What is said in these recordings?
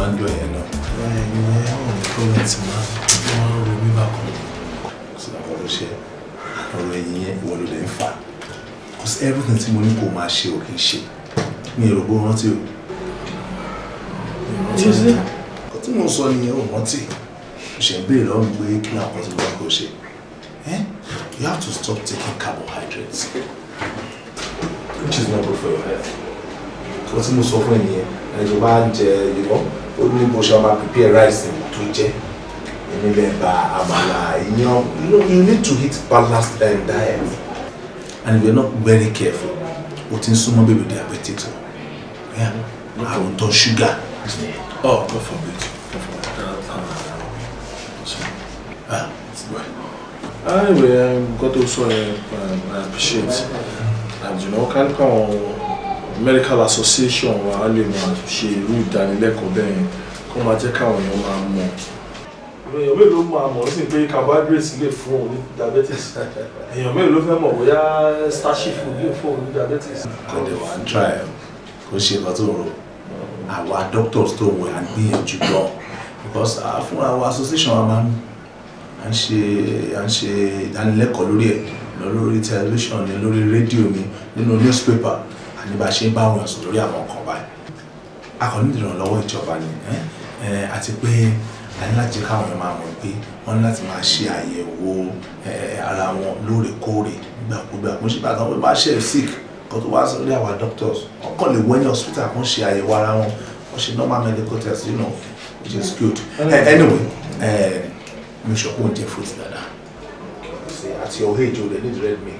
máa ń dọ̀ yẹn náà. ìyẹn ọ̀rọ̀ gọ́ọ̀mẹ̀ntì máa ń wọ́n ro mí bákan. kò sí àwọn ọ̀rọ̀ cause everything tí mo ní kó máa ṣe ò kì í ṣe mi ò rògbò rántí o. kò tí you have to stop taking carbohydrates which is not good for your health. kò tí mo sọ fún ẹ̀yìn yẹn ẹ̀jọ̀ bá ó ní bó ṣe máa prepare rice tó jẹ́ nílẹ̀ bá àmàlà iyán you need to eat balanced um, diet and if you are not very careful o ti ń súnmọ́ bèbè di appetite o àrùn tó ṣúgà ọ kò fọ bí o. nǹkan tó sọ ẹ um, I appreciate mm-hmm. and you know kálíkà wọn medical association wa á lè máa ṣe irú ìdánilẹ́kọ̀ọ́ bẹ́ẹ̀ yẹn kó máa jẹ́ káwọn èèyàn máa mọ̀. èèyàn mélòó ló máa mọ̀ sí pé carbohydrates lè fún òun ní diabetes èèyàn mélòó ló fẹ́ mọ̀ bóyá starchy food lè fún òun ní diabetes. àdèwà ń tra ẹ kò ṣe nǹkan tó rò àwa doctors tó wẹ̀ á gbìyànjú gan because fúnra wa association wa máa ń à ń ṣe à ń ṣe ìdánilẹ́kọ̀ọ́ lórí ẹ̀ lọ lórí tẹlifíṣàn ni lórí rédíò ni nínú newspaper ní bá ṣe ń bá wọn sùn lórí àwọn kan báyìí a kàn ní ìrànlọ́wọ́ ìjọba ni àti pé a ní láti jẹ́ káwọn èèyàn máa mọ̀ pé wọ́n ní láti máa ṣe àyẹ̀wò ara wọn lóòrèkóòrè gbàgbọ́gbà kò ń ṣe bàtàn bá ṣe sick kó tó wá sórí àwọn doctors wọ́n lè wọ́n ní hospital kó ń ṣe àyẹ̀wò ara wọn wọ́n ṣe normal medical test you know which is good anyway mi ò ṣọ́kùn jẹ́ fruit dada àti ọ̀hún èjò rẹ̀ ní red meat.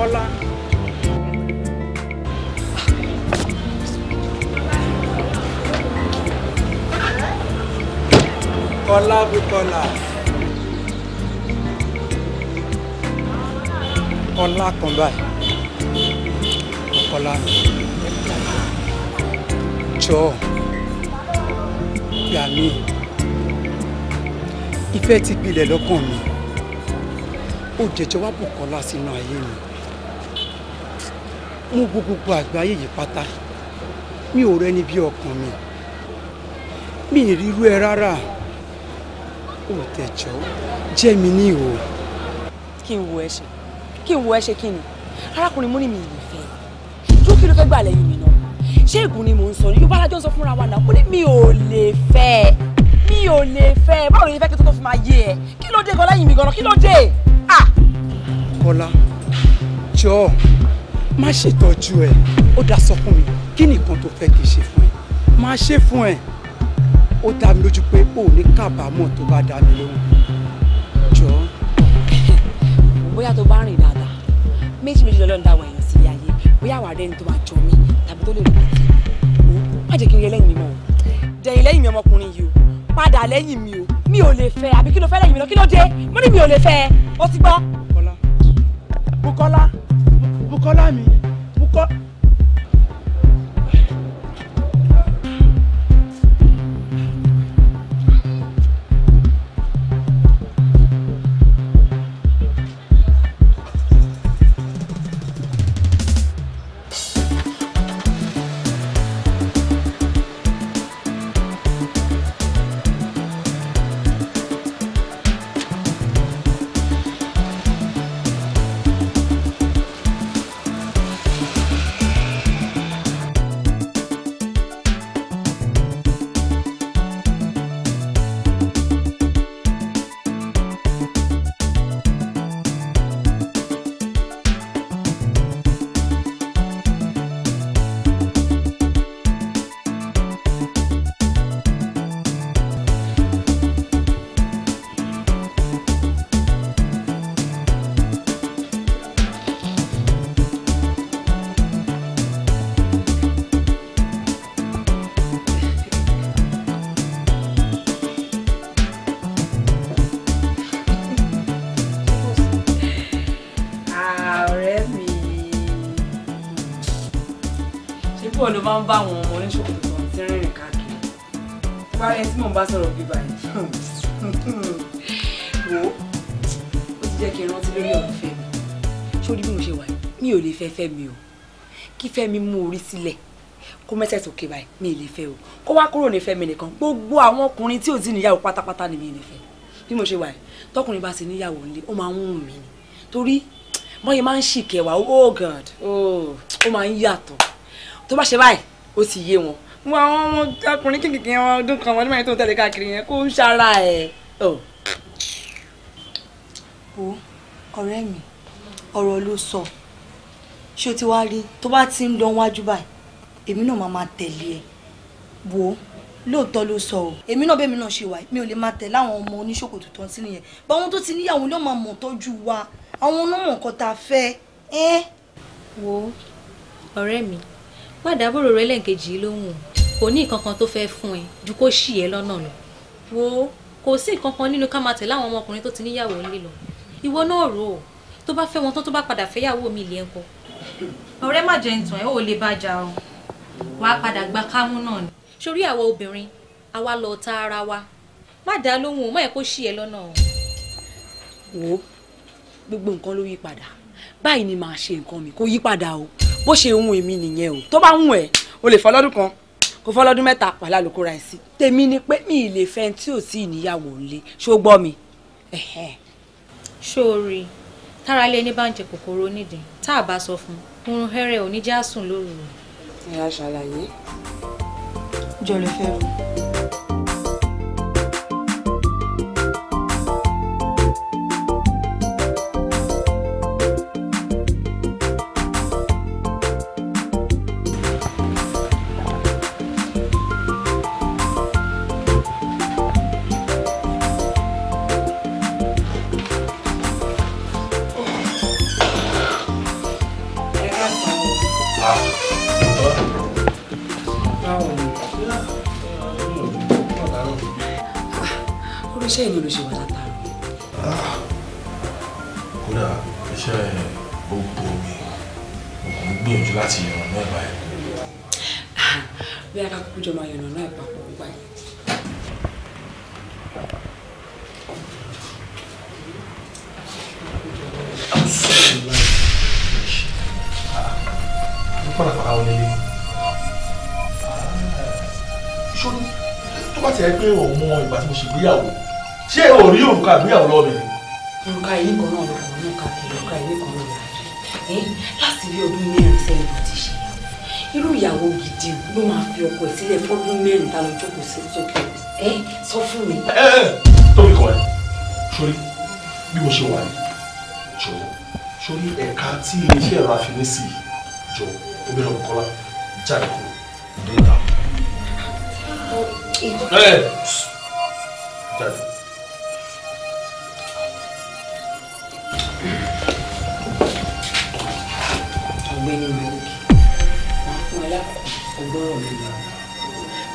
Kọ́lá. Kọ́lá Bùkọ́lá. Kọ́lá kan báyìí. Kọ́lá jọ gbà mí ìfẹ́ ti pilẹ̀ lọ́kàn mi ó jẹjọ wá Bùkọ́lá sínú ayé mi mo wo gbogbo àgbáyé yìí pátá mi ò rẹ́ni bí ọkàn mi mi ì rírú ẹ rárá ò tẹ̀jọ́ jẹ́ mi ní ìhò. kí n wo ẹ ṣe kí n wo ẹ ṣe kí ni arákùnrin mú ni mi ìlú fẹ́ tó kí ló fẹ́ gbà lẹ́yìn mi náà ṣé ègún ni mò ń sọ ni yorùbá alájọ ń sọ fúnra wa náà ó ní mi ò lè fẹ́ mi ò lè fẹ́ báwo ni fẹ́ kí tó fi máa yé ẹ kí ló dé gan lẹ́yìn mi gan kí ló dé. Ah! kọ́lá jọ̀ọ́ má ṣètọ́jú ẹ̀ ó dá sọ fún mi kí nìkan tó fẹ́ kí n ṣe fún ẹ má ṣe fún ẹ ó dá mi lójú pé ó ní kábàámọ̀ tó bá dá mi lóhùn jọ. bóyá tó bá rìn dáadáa méjì méjì lọ́lọ́ ń dáwọ̀ èèyàn sí ayé bóyá àwa rẹ̀ ni tó máa jọ mí tàbí tó lè rìn láti mi má jẹ́ kí n rí ẹlẹ́yìn mi mọ́ o dẹ̀yìn lẹ́yìn mi ọmọkùnrin yìí o padà lẹ́yìn mi o mi ò lè fẹ́ àbí kí ló fẹ́ lẹ́yìn mi lọ kí ló dé mo ní mi ò lè fẹ́ ọ ti gbọ́. Bùkọ́lá Bùkọ́lá. Bùkọ́lá mi Bùkọ́. ń bá àwọn ọmọ oníṣòkòtò tó ń ti rìnrìn káàkiri tí tí mò ń bá sọ̀rọ̀ bíbá yìí wò ó ti jẹ́ kí n rántí lórí ọ̀rọ̀ Fẹ́mi sórí bí mo ṣe wà yìí ò lè fẹ́ Fẹ́mi o kí Fẹ́mi mú orí sílẹ̀ kó mẹ́sẹ̀ sókè báyìí mi ì lè fẹ́ o kó wá kúrò ní Fẹ́mi nìkan gbogbo àwọn ọkùnrin tí ò ti níyàwó pátápátá ni mi ì lè fẹ́ bí mo ṣe wà tọkùnrin bá ti níyàwó nílé ó máa ń wù mí ni torí bọ́yẹ máa ń ṣìkẹ̀wá oh god oh, ó máa ń yàtọ̀ tó bá ṣe báyìí ó sì yé wọn mo àwọn ọmọ ọkùnrin kékeré wọn ọdún kan wọn ní mẹ́rin tó ń tẹ̀lé káàkiri yẹn kó ń ṣara ẹ̀. o ọ̀rẹ́ mi ọ̀rọ̀ ló sọ ṣé o ti wá rí tó bá ti ń lọ wájú báyìí èmi náà máa máa tẹ̀lé ẹ wò ó lóòótọ́ ló sọ o èmi náà bẹ́ẹ̀ mi náà ṣe wà mi ò lè máa tẹ̀lé àwọn ọmọ oníṣòkòtò tó ń sí nìyẹn bá wọn tó ti níyàwó ló máa mọ̀ tọ́jú wa àwọn onímọ̀ nǹkan tá a fẹ́ ẹ́. wo ọ̀rẹ́ mi pàdábòrò rẹ lẹ́ǹkejì lóhùn kò ní nǹkan kan tó fẹ́ fún ẹ ju kó ṣì ẹ lọ́nà lọ wo kò sí nǹkan kan nínú ká máa tẹ̀lé àwọn ọmọkùnrin tó ti níyàwó ńlẹ̀ lọ ìwọ náà rò ó tó bá fẹ́ wọn tán tó bá padà fẹ́yàwó mi ilé ẹ̀kọ́. ọ̀rẹ́ má jẹ́ ìtàn ẹ̀ ò lè bàjá o wàá padà gba kámú náà ni. sórí àwa obìnrin àwa lọ ta ara wa má dá lóhùn o má yẹ kó ṣì ẹ lọ́nà o. wo gbogbo nǹkan ló yí padà báyìí ni màá ṣe nǹkan mi kó yí padà o bó ṣe hun èmi nìyẹn o tó bá hun ẹ o lè fọlọ́dún kan kò fọlọ́dún mẹ́ta pàlà ló kóra ẹ̀ sí. tèmi ni pé mi ì lè fẹ́ tí ò tí ì níyàwó ṣó gbọ́ mi. ṣóòrì tára lé ní báńjẹ kòkòrò onídìí tá a bá sọ fún un oorun hẹrẹ ò ní jásùn lóru. ẹ á ṣàlàyé. jọ̀rọ̀ fẹ́ iṣẹ́ ìlú ló ṣe wà látàrí. Ah, kódà iṣẹ́ gbogbo mi mo kàn ń gbìyànjú láti yànnà náà báyìí. Ah, bí akákùkù jọ máa yànnà náà papọ̀ gbogbo àyè. pàlàpàlà wọlé lé ah, ṣó ní tó bá ti rẹ pé ọmọ ìgbà tí mo ṣègbéyàwó ṣé o rí òrùka ìgbéyàwó lọ́wọ́ mi ni. òrùka yìí kan náà lọ́wọ́ náà káàkiri òrùka yìí kan náà lọ́wọ́ eh, láti rí ọdún mẹ́rin sẹ́yìn tó ti ṣe irú ìyàwó gidi ló máa fi ọkọ ẹ̀ sílẹ̀ fọ́dún mẹ́rin ta ló jókòó sí sókè ẹ eh, sọ fún mi. ẹ eh, ẹ tóbi kọ ẹ sórí bí mo ṣe wà yìí jọ sórí ẹ̀ka tí iléeṣẹ́ ẹ̀rọ àfiní sí jọ omi lọ kọ́lá jáde kúrò dé ìta. ẹ jáde.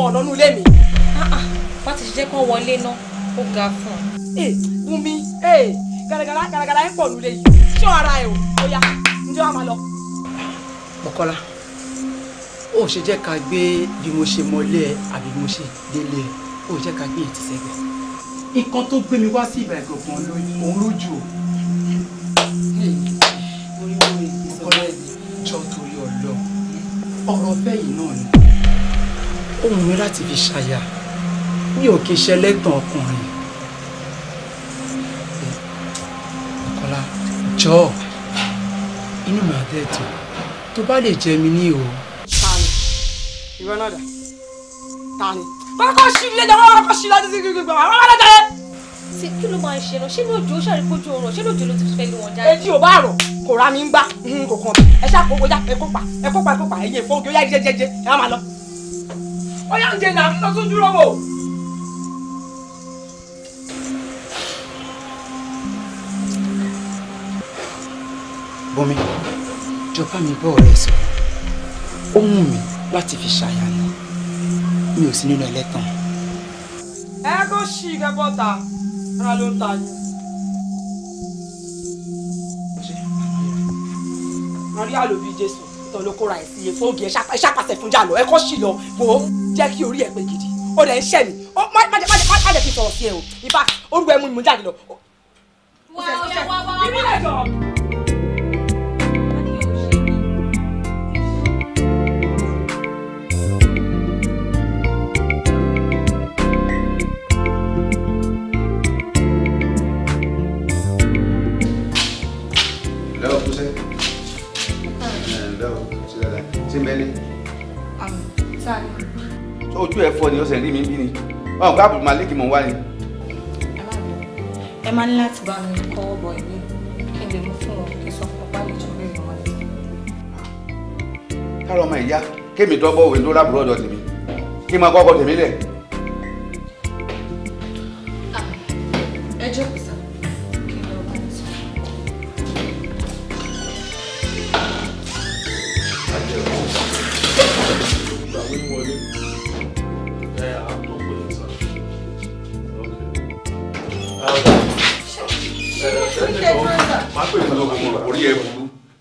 ọmọ ọ̀nà inú ilé mi. wọ́n ah, ah, ti jẹ́ kán wọlé ná ó ga fún un. ẹ Bùnmi ẹ gàràgàrà gàràgàrà ń pọ̀ nílé yìí ṣé ara ẹ o ó yá ǹjẹ́ wàá máa lọ. Bùkọ́lá ó ṣe jẹ́ ká gbé bí mo ṣe mọlé ẹ àbí mo ṣe délé ẹ ó jẹ́ ká gbé ètí sẹ́gbẹ̀. nǹkan tó gbé mi wá sí ìbà ìgbọ̀ngàn òun lójú o. Eh, Bùkọ́lá jọ torí ọlọ́run ọ̀rọ̀ bẹ́ẹ̀ yìí náà ni ó wù mí láti fi ṣàyà mi ò kì í ṣe lẹ́tàn ọkùnrin ọ̀kọ́lá jọ inú mi àdẹ́tù tó bá lè jẹ mi ní o. tani ìwọ náà dà tani kọ́kọ́ sí ilé ìjọba kọ́kọ́ sí láti ṣe gbogbo àwọn ọmọdé jáde. ṣé kí ló máa ń ṣe náà ṣé ní òjò ṣàríkójú oorun ṣé ní òjò ló ti fẹ́ lé wọn jáde. èyí ò bá rọ̀ kò rà mí ń gbá kò kàn ẹ ṣáà kó o já ẹ kópa ẹ kópa ẹ kópa ẹ̀yin ìfowópamọ́ yá jẹjẹjẹ ẹ má lọ ó yà ń jẹ nà lọ sójú rọ́bò. bọ́mi jọba mi bọ́ ọ̀rẹ́ sọ ó wù mí láti fi ṣàyà ni mi ò sí nínú ẹlẹ́tàn. ẹ kó ṣì í kẹ́ bọ́ta ara ló ń ta yín. Maria ló Jésù tán ló kóra ẹ̀ sí iye fóògì ẹ̀ ṣàpàṣẹ fún jà ẹ̀ kọ́ sì lọ wò ó jẹ́ kí orí ẹ̀ pé gidi ó dẹ̀ ń ṣẹ̀ mí ó má má má jẹ́ kí sọ̀rọ̀ sí ẹ o in fact orúkọ ẹ mú mi jáde lọ. wà á yẹ wá bá wà. ṣe mẹ́lẹ́. Um, ojú ẹ̀ fọ́ ni ọ̀sẹ̀ rí mi bí ni ọ̀hún ká Abdul Malik mọ̀ wá ni. ẹ máa ní láti bá mi kọ́wọ́ bọ̀ ẹ̀mí kí n lè mú fún ọ kí n sọ fún ọpá ìjọ bẹ́ẹ̀ lọ́wọ́ ni. káàrọ̀ ọmọ ìyá kémi dọ́gbọ́ òwe ló rábùrọ̀ ọ̀dọ̀ tèmi kí n máa kọ́kọ́ tèmi lẹ̀. Ah, ẹ jókòó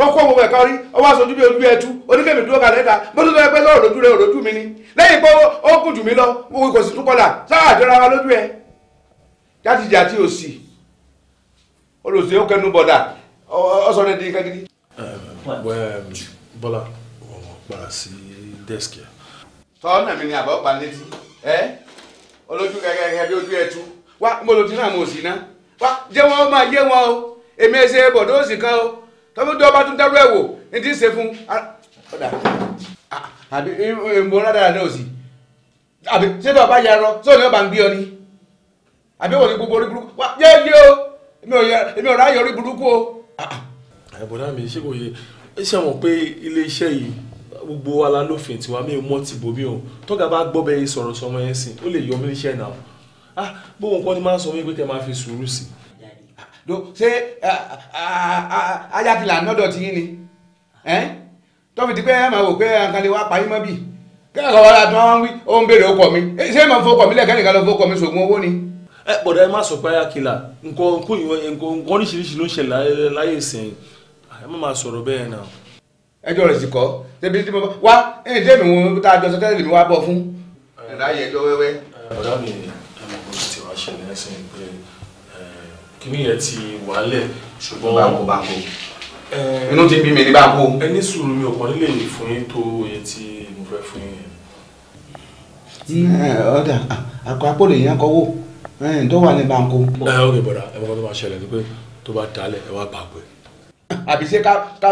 wọ́n kó gbogbo ẹ̀ka orí ọwọ́ aṣojú bí ojú ẹtú oníkèmí dúró kalẹ̀ ta bó tó sọ pé lọ́rọ̀ lójú rẹ̀ òròjú mi ni lẹ́yìn pé ó kù jù mí lọ kò sì tún kọlà sáà àjọra wa lójú ẹ̀ jáde àti òsì olùsè ó kẹnu bọ̀dà ọ̀sán rẹ̀ di kagidi. bọ́lá ọmọ para sí dẹ́sìkì. mi ni àbọ̀ pa létí ẹ olójú kẹkẹ bí ojú ẹtú wá mo lò tí náà mo sì tọ́mọdé ọba tún dárú ẹ̀ wò ní ti ń ṣe fún ọ̀dà àbí ìmọ̀ rádàrà náà sì àbí ṣé tọ́ ọba ya rọ sóò ní ọba ń gbé ọ ni àbí wọ́n ní gbogbo orí burúkú wá yé yé o èmi ò ráyè orí burúkú o. àìbọ̀dá mi ṣé kò yẹ ẹ ṣe mọ̀ pé iléeṣẹ́ yìí gbogbo wa la lófin tiwa mi ò mọ ti bòmí o tọ́gà bá gbọ́ bẹ́ẹ̀ sọ̀rọ̀ sọmọ yẹn sìn ó lè yọ mí níṣẹ́ náà ah bóun kọ́ ni máa ń sọ mí pé kẹ́ máa fi sùúrù sí i ṣé ayakila nọ́dọ̀ ti yín ni tó fi pé ẹ máa wò pé nǹkan lè wá parí mọ́ bì kẹ́kọ̀ọ́ wọ́n tó ń wí ó ń béèrè ọkọ̀ mi ṣé màá fọkọ̀ mi lẹ́kẹ́ nìkan ló fọkọ̀ mi ṣògùn ni. ẹ bọ̀dọ̀ ma sọ ayakila a jọ sọ tẹ́lẹ̀ mi wá bọ̀ fún. kíní yẹn ti wàálẹ̀ ṣùgbọ́n báko báko inú ti bí mi ní báko. ẹ ní sùúrù mi ò kàn nílé fún yín tó oye tí mo fẹ́ fún yín. ọ̀dà àkọ́ àpò lè yàn kọ́wọ́ tó wà ní báńkò. ẹ ok bọ̀dà ẹ mọ̀ tó máa ṣẹlẹ̀ ni pé tó bá dalẹ̀ ẹ wá bàgbẹ́. àbí ṣé ká ká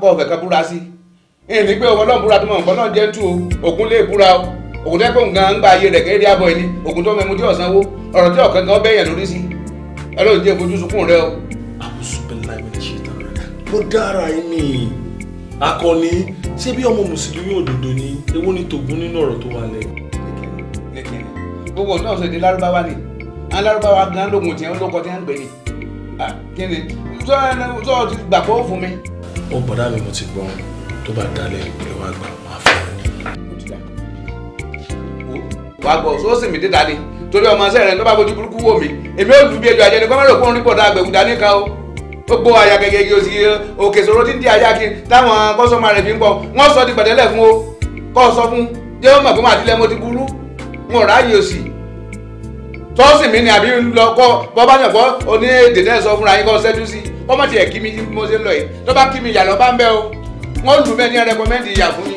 kọ́ ọ̀fẹ́ ká búra sí i ní pé ọmọ náà búra tó mọ̀ nǹkan náà jẹ́ tù ògùn lè búra o ògùn tẹ́kọ̀ọ́ nǹkan ń gba ayé rẹ̀ kéré àbọ̀ ẹni ògùn tó mẹ́mu tí ọ̀sánwó ọ̀rọ̀ tí ọ̀kan kan bẹ́yẹn lórí sí i ọlọ́run jẹ́ fojú sunkún rẹ o. àbùsùnbẹ̀lá mi ṣe tán ló dára yín ni akọni ṣé bí ọmọ mùsùlùmí òdodo ni èwo ni tògún nínú ọ̀rọ̀ tó wà lẹ́yìn. gbogbo náà sọ èdè lárúbáwá ni àwọn lárúbáwá gan lóògùn tiẹ̀ lóko tiẹ̀ ń gbé ni kí ni sọ ọ ti gbà pé ó fún mi. ó bọ̀dá mi mo ti gbọ́ tó bá dalẹ̀ ìpínlẹ̀ wa gbà máa fún un wàá gbọ́ sọ́ọ́sì mi dé dalẹ̀ torí ọmọ ṣẹ́ rẹ̀ tó bá fojú burúkú wò mí èmi ò dùbí ejò àjẹni kọ́mọ́rò kó ń rí bọ̀dá àgbẹ̀gùn dání kan o gbogbo àyà gẹ́gẹ́ òsì òkè sòro tí ń di àyà kí táwọn kọ́sọ́mà rẹ̀ fi ń bọ̀ wọ́n sọ ti pẹ̀tẹ́lẹ̀ fún o kọ́ sọ fún jẹ́ ó mọ̀ pé mo ti burú n ò ráyè òsì tọ́sí mi ni àbí lọ kọ́ bọ́ yàn kọ́ oní èdè náà sọ fúnra yín kọ́ sẹ́jú sí kọ́ mọ̀ kí mi mo ṣe lọ yìí tó bá kí mi ìyàlọ́ bá ń bẹ́ o wọ́n lù mẹ́ni rẹ́kọ́mẹ́ndì ìyà fún mi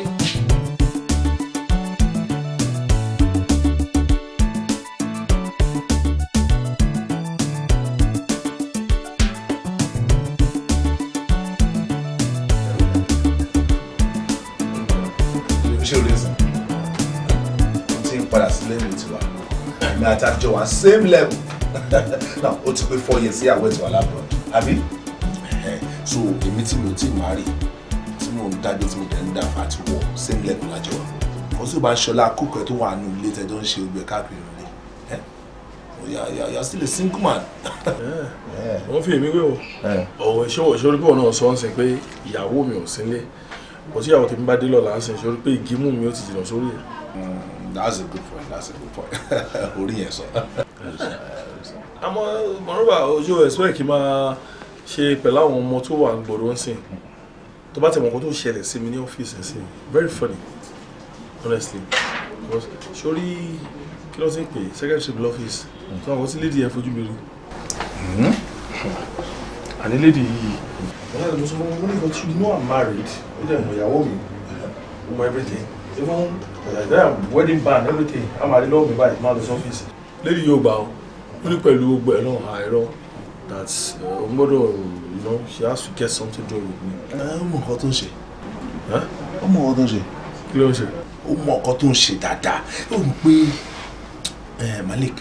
èmi àti àjọ wa same level now ó ti pé four years sí àwọn ètò alábọ̀ àbí so èmi tí mi ò tí máa rí tí mo ń dájú tí mo dẹ̀ ń dà fà same level as wa kò sí ìbá ṣọlá kókò ẹ tó wà nínú ilé tẹjọ ń ṣe ogbè káàkiri rẹ ẹ yeah, yeah, you're still a single man. Yeah, yeah. èmi wé o ọ̀wọ̀ ìṣòwò ìṣòro bí wọn on sọ ọ́n sìn pé ìyàwó mi ò sílé kò sí ìyàwó tèmi bá dé lọ́la ń sìn ìṣòro pé ìgímú mi ò ti Mm, that's a good point that's a good point orí yẹn sọ. àmọ́ mọ̀rọ́bà ojú ẹ̀sùn ẹ̀kí máa ṣe pẹ̀lú àwọn ọmọ tó wà gbòòrò ń sìn tó bá ti mọ̀ kó tó ṣẹlẹ̀ sí mi ní ọ́fíìsì sí very funny honestly sórí kí ló ti ń pè secretary of office tó àwọn tí lady yẹn fojú mi rí. àní hmm? lady yìí. ọ̀la ìlú sọ fún mi wọ́n ní ìfọ̀tún ní wà married ó dẹ̀ mọ̀ ìyàwó mi ó mọ everything even damn wedding band everything amadi lọ́wọ́ mi báyìí máa lọ sí ọ́fíìsì. lady yorùbá ó ní pẹ̀lú gbogbo ẹ̀ náà àìrọ́ that uh, o gbọ́dọ̀ you know she has to get something done with me. ọmọ nǹkan tó ń ṣe ọmọ nǹkan tó ń ṣe. kí ló ń ṣe. ọmọ nǹkan tó ń ṣe dáadáa ó mọ̀ pé Malik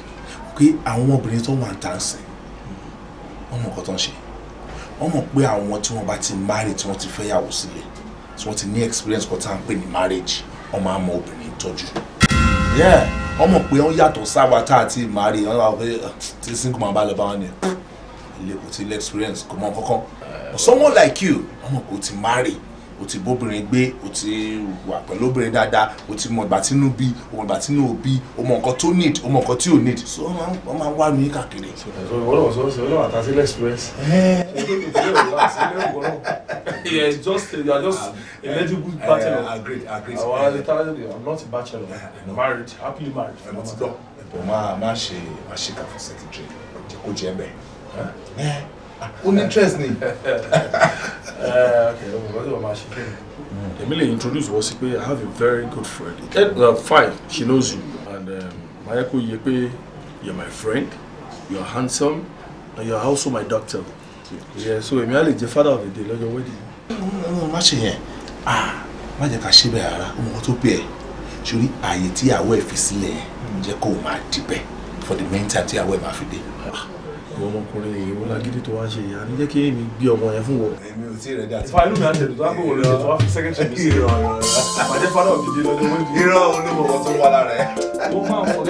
pé àwọn obìnrin tó wà ń tà ń sìn ọmọ nǹkan tó ń ṣe wọ́n mọ̀ pé àwọn tí wọ́n bá ti marry tí wọ́n ti fẹ́yàwó sílẹ̀ So wọ́n ti ní experience kan tá à ń pè ní marriage ọmọ àmọ́ obìnrin ìtọ́jú ọmọ pé wọ́n yàtọ̀ sáwa tá a ti máa rí wọ́n wá pé ah, tí single man bá lọ bá wọn ni ilé kò ti lè experience kò mọ kankan but someone like you ọmọ kò ti máa rí o ti bóbìnrin gbé o ti wà pẹ̀lú obìnrin dáadáa o ti mọ ìgbà tínú bí o mọ ìgbà tínú òbí o mọ nǹkan tó need o mọ nǹkan tí ò need so wọ́n máa ń wá mi káàkiri. ọlọ́wọ́ sọ ṣe ọlọ́wọ́ àtàtì express. yeah it's just you are just a legible eh, bachelor. agreed agreed. àwọn alẹ́tàlẹ́ i'm not a bachelor i'm married happily married. ẹ̀mọ́ ti dọ́ ẹ̀bùn máa máa ṣe àṣìkà fún secretary jẹ́ kó jẹ́ bẹ́ẹ̀. Ah, ó ní interest ni. Eh, hmm. Emily introduced was pé I have a very good friend. At uh, five, she knows you. And Mayako um, you're my friend, you're handsome, and you're also my doctor. Yeah, so èmi á lè father of the day lọ́jọ́ wedding. Má ṣe yẹn, má jẹ́ ká ṣe bẹ́ẹ̀ rárá, ọmọ tó bẹ̀ ẹ́, sórí ààyè tí àwọ̀ ẹ̀ fi sílẹ̀ yẹn, jẹ́ kó o máa for the main time tí àwọ̀ ẹ̀ ìwọ ọmọkùnrin èyí wọn lágídí tó wá ṣe yìí àní jẹ́ kí èmi gbé ọmọ yẹn fún wọ. èmi ò tí ì rẹ̀ dà tí. fàánù mi àti ẹ̀dùn tó wá bòwò lóde tó wá fi sẹ́kẹ̀tì mi sí. ìrọ̀ ìrọ̀ ìrọ̀ àbájẹ́ fádà ògidì lọ́dún mọ́jú. ìrọ̀ òun ló tó wà lára ẹ̀. ó máa ń fọ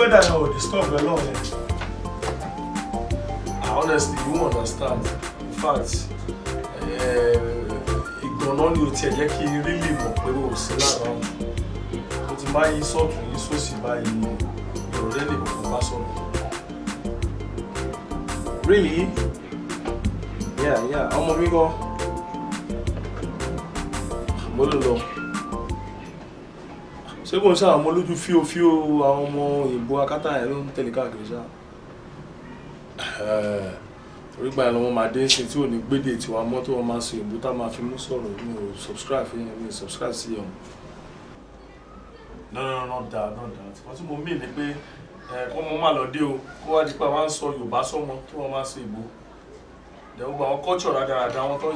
weather yẹn ò disturb ẹ lọ́wọ́ yẹn. honestly you understand in fact eh, ìgbọ̀nà ni o tiẹ̀ jẹ́ kí n really mọ̀ pé o sí lára wọn o ti máa really yeah yeah ọmọ mi gan mo lè lọ ṣé kò ń ṣe àwọn ọmọ olójú fíofíó àwọn ọmọ òyìnbó akátá ẹ̀ ló ń tẹ̀lé káàkiri ṣá torí gbàyà lọ́wọ́ máa dé ṣe tí ò ní gbédè tí wàá mọ́tò wọn máa sọ èbú tá máa fi mú sọ̀rọ̀ mi ò subscribe fi mi ò subscribe sí ọ̀hún. lọ́dọ̀ náà dáa náà dáa tí wọ́n tí mo mí ni pé ọmọ máa lọ dé o kó wá di pé àwọn sọ Yorùbá sọmọ tó wọn máa sọ èbó dẹ̀wọ́n gba àwọn culture rádaràda wọn tó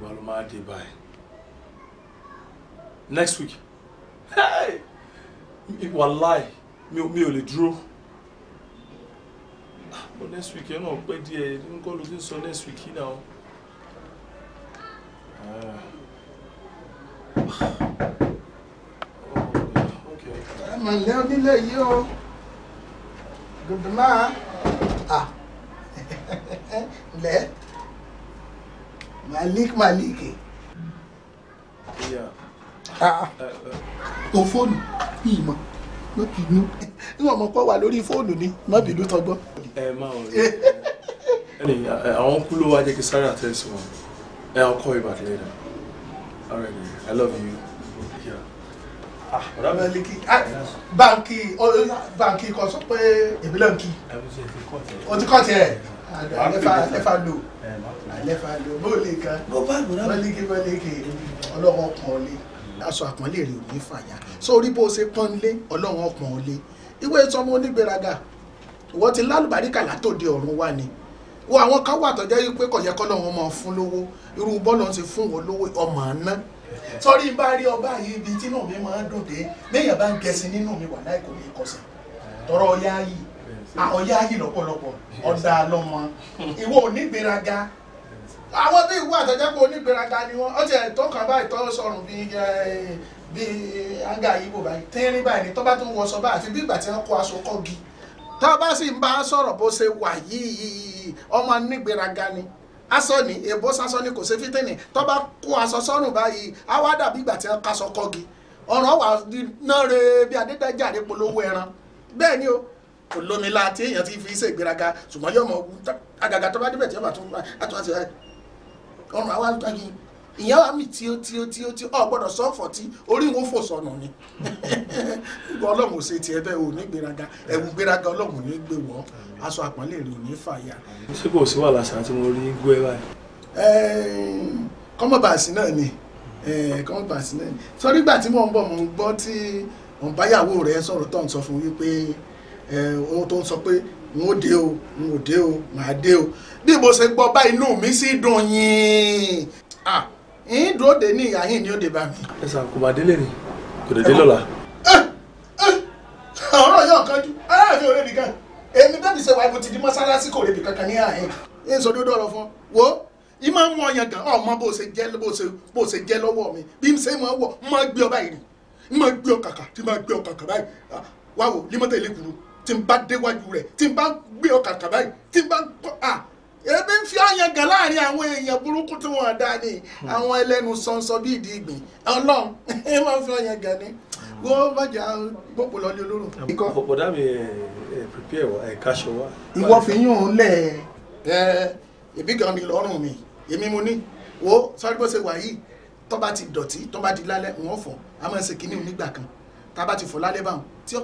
ìgbà ló next week hey! wàláì mi me only drew. but next week you know, but díẹ̀ you kọ́ ló ti ń next week yìí náà. Ah. Oh, ẹ mà lẹ́ onílé yìí o gòdòmá ah. lẹ́ malik malik. tó ah, ah. fóònù yìí mọ ló ti nú níwọ̀n mọ̀ pọ̀ wà lórí fóònù ni má bínú tọgbọ́. ẹ má wọ ẹni àwọn kúló wa jẹ́ kí sáré àtẹ́sí wọn ẹ I'll call you back later all right I love you. Yeah ah, báńkì báńkì kan sọ pé èmi lọ́nkì o ti kọ́ tiẹ̀ lẹ́fà lò lẹ́fà lò bó lè kan mọ́líkì mọ́líkì ọlọ́wọ́ pọ̀n ọ́ lé aṣọ àpọ́nlé rẹ̀ ò ní fàyà sórí bó ṣe pọ́n lé ọlọ́wọ́ pọ̀n ọ́ lé ìwé sọmọ onígbéraga ìwọ ti lálùbáríkà látòde ọ̀run wá ni wo àwọn kan wà tọ́jọ́ yìí pé kọ̀yẹ́ kọ́lọ́wọ́n máa fún lówó irú bọ́ọ̀lù ń ṣe fún wọn lówó ọmọ àná sọrí bá rí ọba yìí ibi tínú mi máa ń dùn dé méèyàn bá ń gẹṣin nínú mi wà láì kò ní kọsẹ̀ tọrọ ọyá yìí ọyá yìí lọ́pọ̀lọpọ̀ ọ̀dà lọ́mọ ìwọ onígbéraga àwọn bí ìwú àtẹ̀jẹ́pọ̀ ni won ọtí ẹ̀tọ́ kan báyìí tọ́ sọ̀rùn bíi bíi anga yìíbò báyìí tínrín báyìí ni tó bá wọṣọ báyìí àti bí ìgbà tí wọ́n kó aṣọ kọ́gi tá a bá sì ń bá a bó ṣe wà yìí ọmọ ni aṣọ ni èbó ni kò ṣe fi tẹ́nì tó kó aṣọ sọ́rùn báyìí á dàbí ìgbà tí kaṣọ wà bí kò lómi láti èèyàn ti fi ṣègbéraga ṣùgbọ́n yọ̀mọ̀ àgàgà ọrùn àwa gbági ìyá wa mi tí ó tí ó tí ó tí ó gbọ́dọ̀ sọ fọ tí orí wọn fò sọnù ni Ọlọ́run ò ṣe tiẹ̀ bẹ́ẹ̀ ò ní gbéraga ẹ̀wù gbéraga Ọlọ́run ò ní gbé wọ aṣọ àpọ́nlé rẹ̀ ò ní fàyà. ṣé kò sí wàhálà sàn tí mo rí gbé báyìí. kọ́mọ̀bàṣì náà ni kọ́mọ̀bàṣì náà ni sọ́rí ìgbà tí mò ń bọ̀ mò ń gbọ́ tí òǹbáyàwó rẹ̀ sọ̀rọ̀ tó ń sọ fún wípé ohun tó ń sọ pé n ò dé o n ò dé o màá dé o bí mo ṣe gbọ́ bá inú mi sì dùn yín yín dúró dé ní ìyá yín ni ó dé bá mi. ẹ sà kò bá délé ni kò dé dé lọ́la. ọ̀rọ̀ yóò kanjú aláàfin òrèdì kan èmi bẹ́ẹ̀ mi ṣe wáyé mo ti di mọ́sálásí kò rèdì kankan ní àyín. yín sọ dúdú ọ̀rọ̀ fún ọ wo yín máa ń mú ọyàn gan ọmọ bó ṣe jẹ́ bó ṣe jẹ́ lọ́wọ́ mi bí n ṣe máa wọ̀ n máa gbé ọ báyìí ni n máa gbé ọ kàkà tí n máa gbé ọ kàkà báyìí wá wò límọ́tẹ̀ lè kúrú tí n bá déwájú rẹ̀ tí n bá gbé ọkà kàbá yìí tí n bá gbọ́ à ebi ń fi àyàn gà láàrin àwọn èèyàn burúkú tí wọ́n dá ní hmm. àwọn ẹlẹ́nu sọ̀nsọ̀ bíi ìdí ìgbìn ọlọ́run ẹ máa fi àyàn gà ní hmm. wọ́n bá jà gbọ́pọ̀ olóró. bọ̀dá mi ẹ prepare wa ẹ káṣọ wa. ìwọ fi yún un lẹ ẹ ìbí gan ni lọ́rùn mi èmi mo ní wo sọ́dí bó ṣe wà yìí tó ti dọ̀tí tó bá lálẹ́ wọ́n fọ̀ á máa ṣe kínní onígbà kan tába ti fò lálẹ́ báwọn tí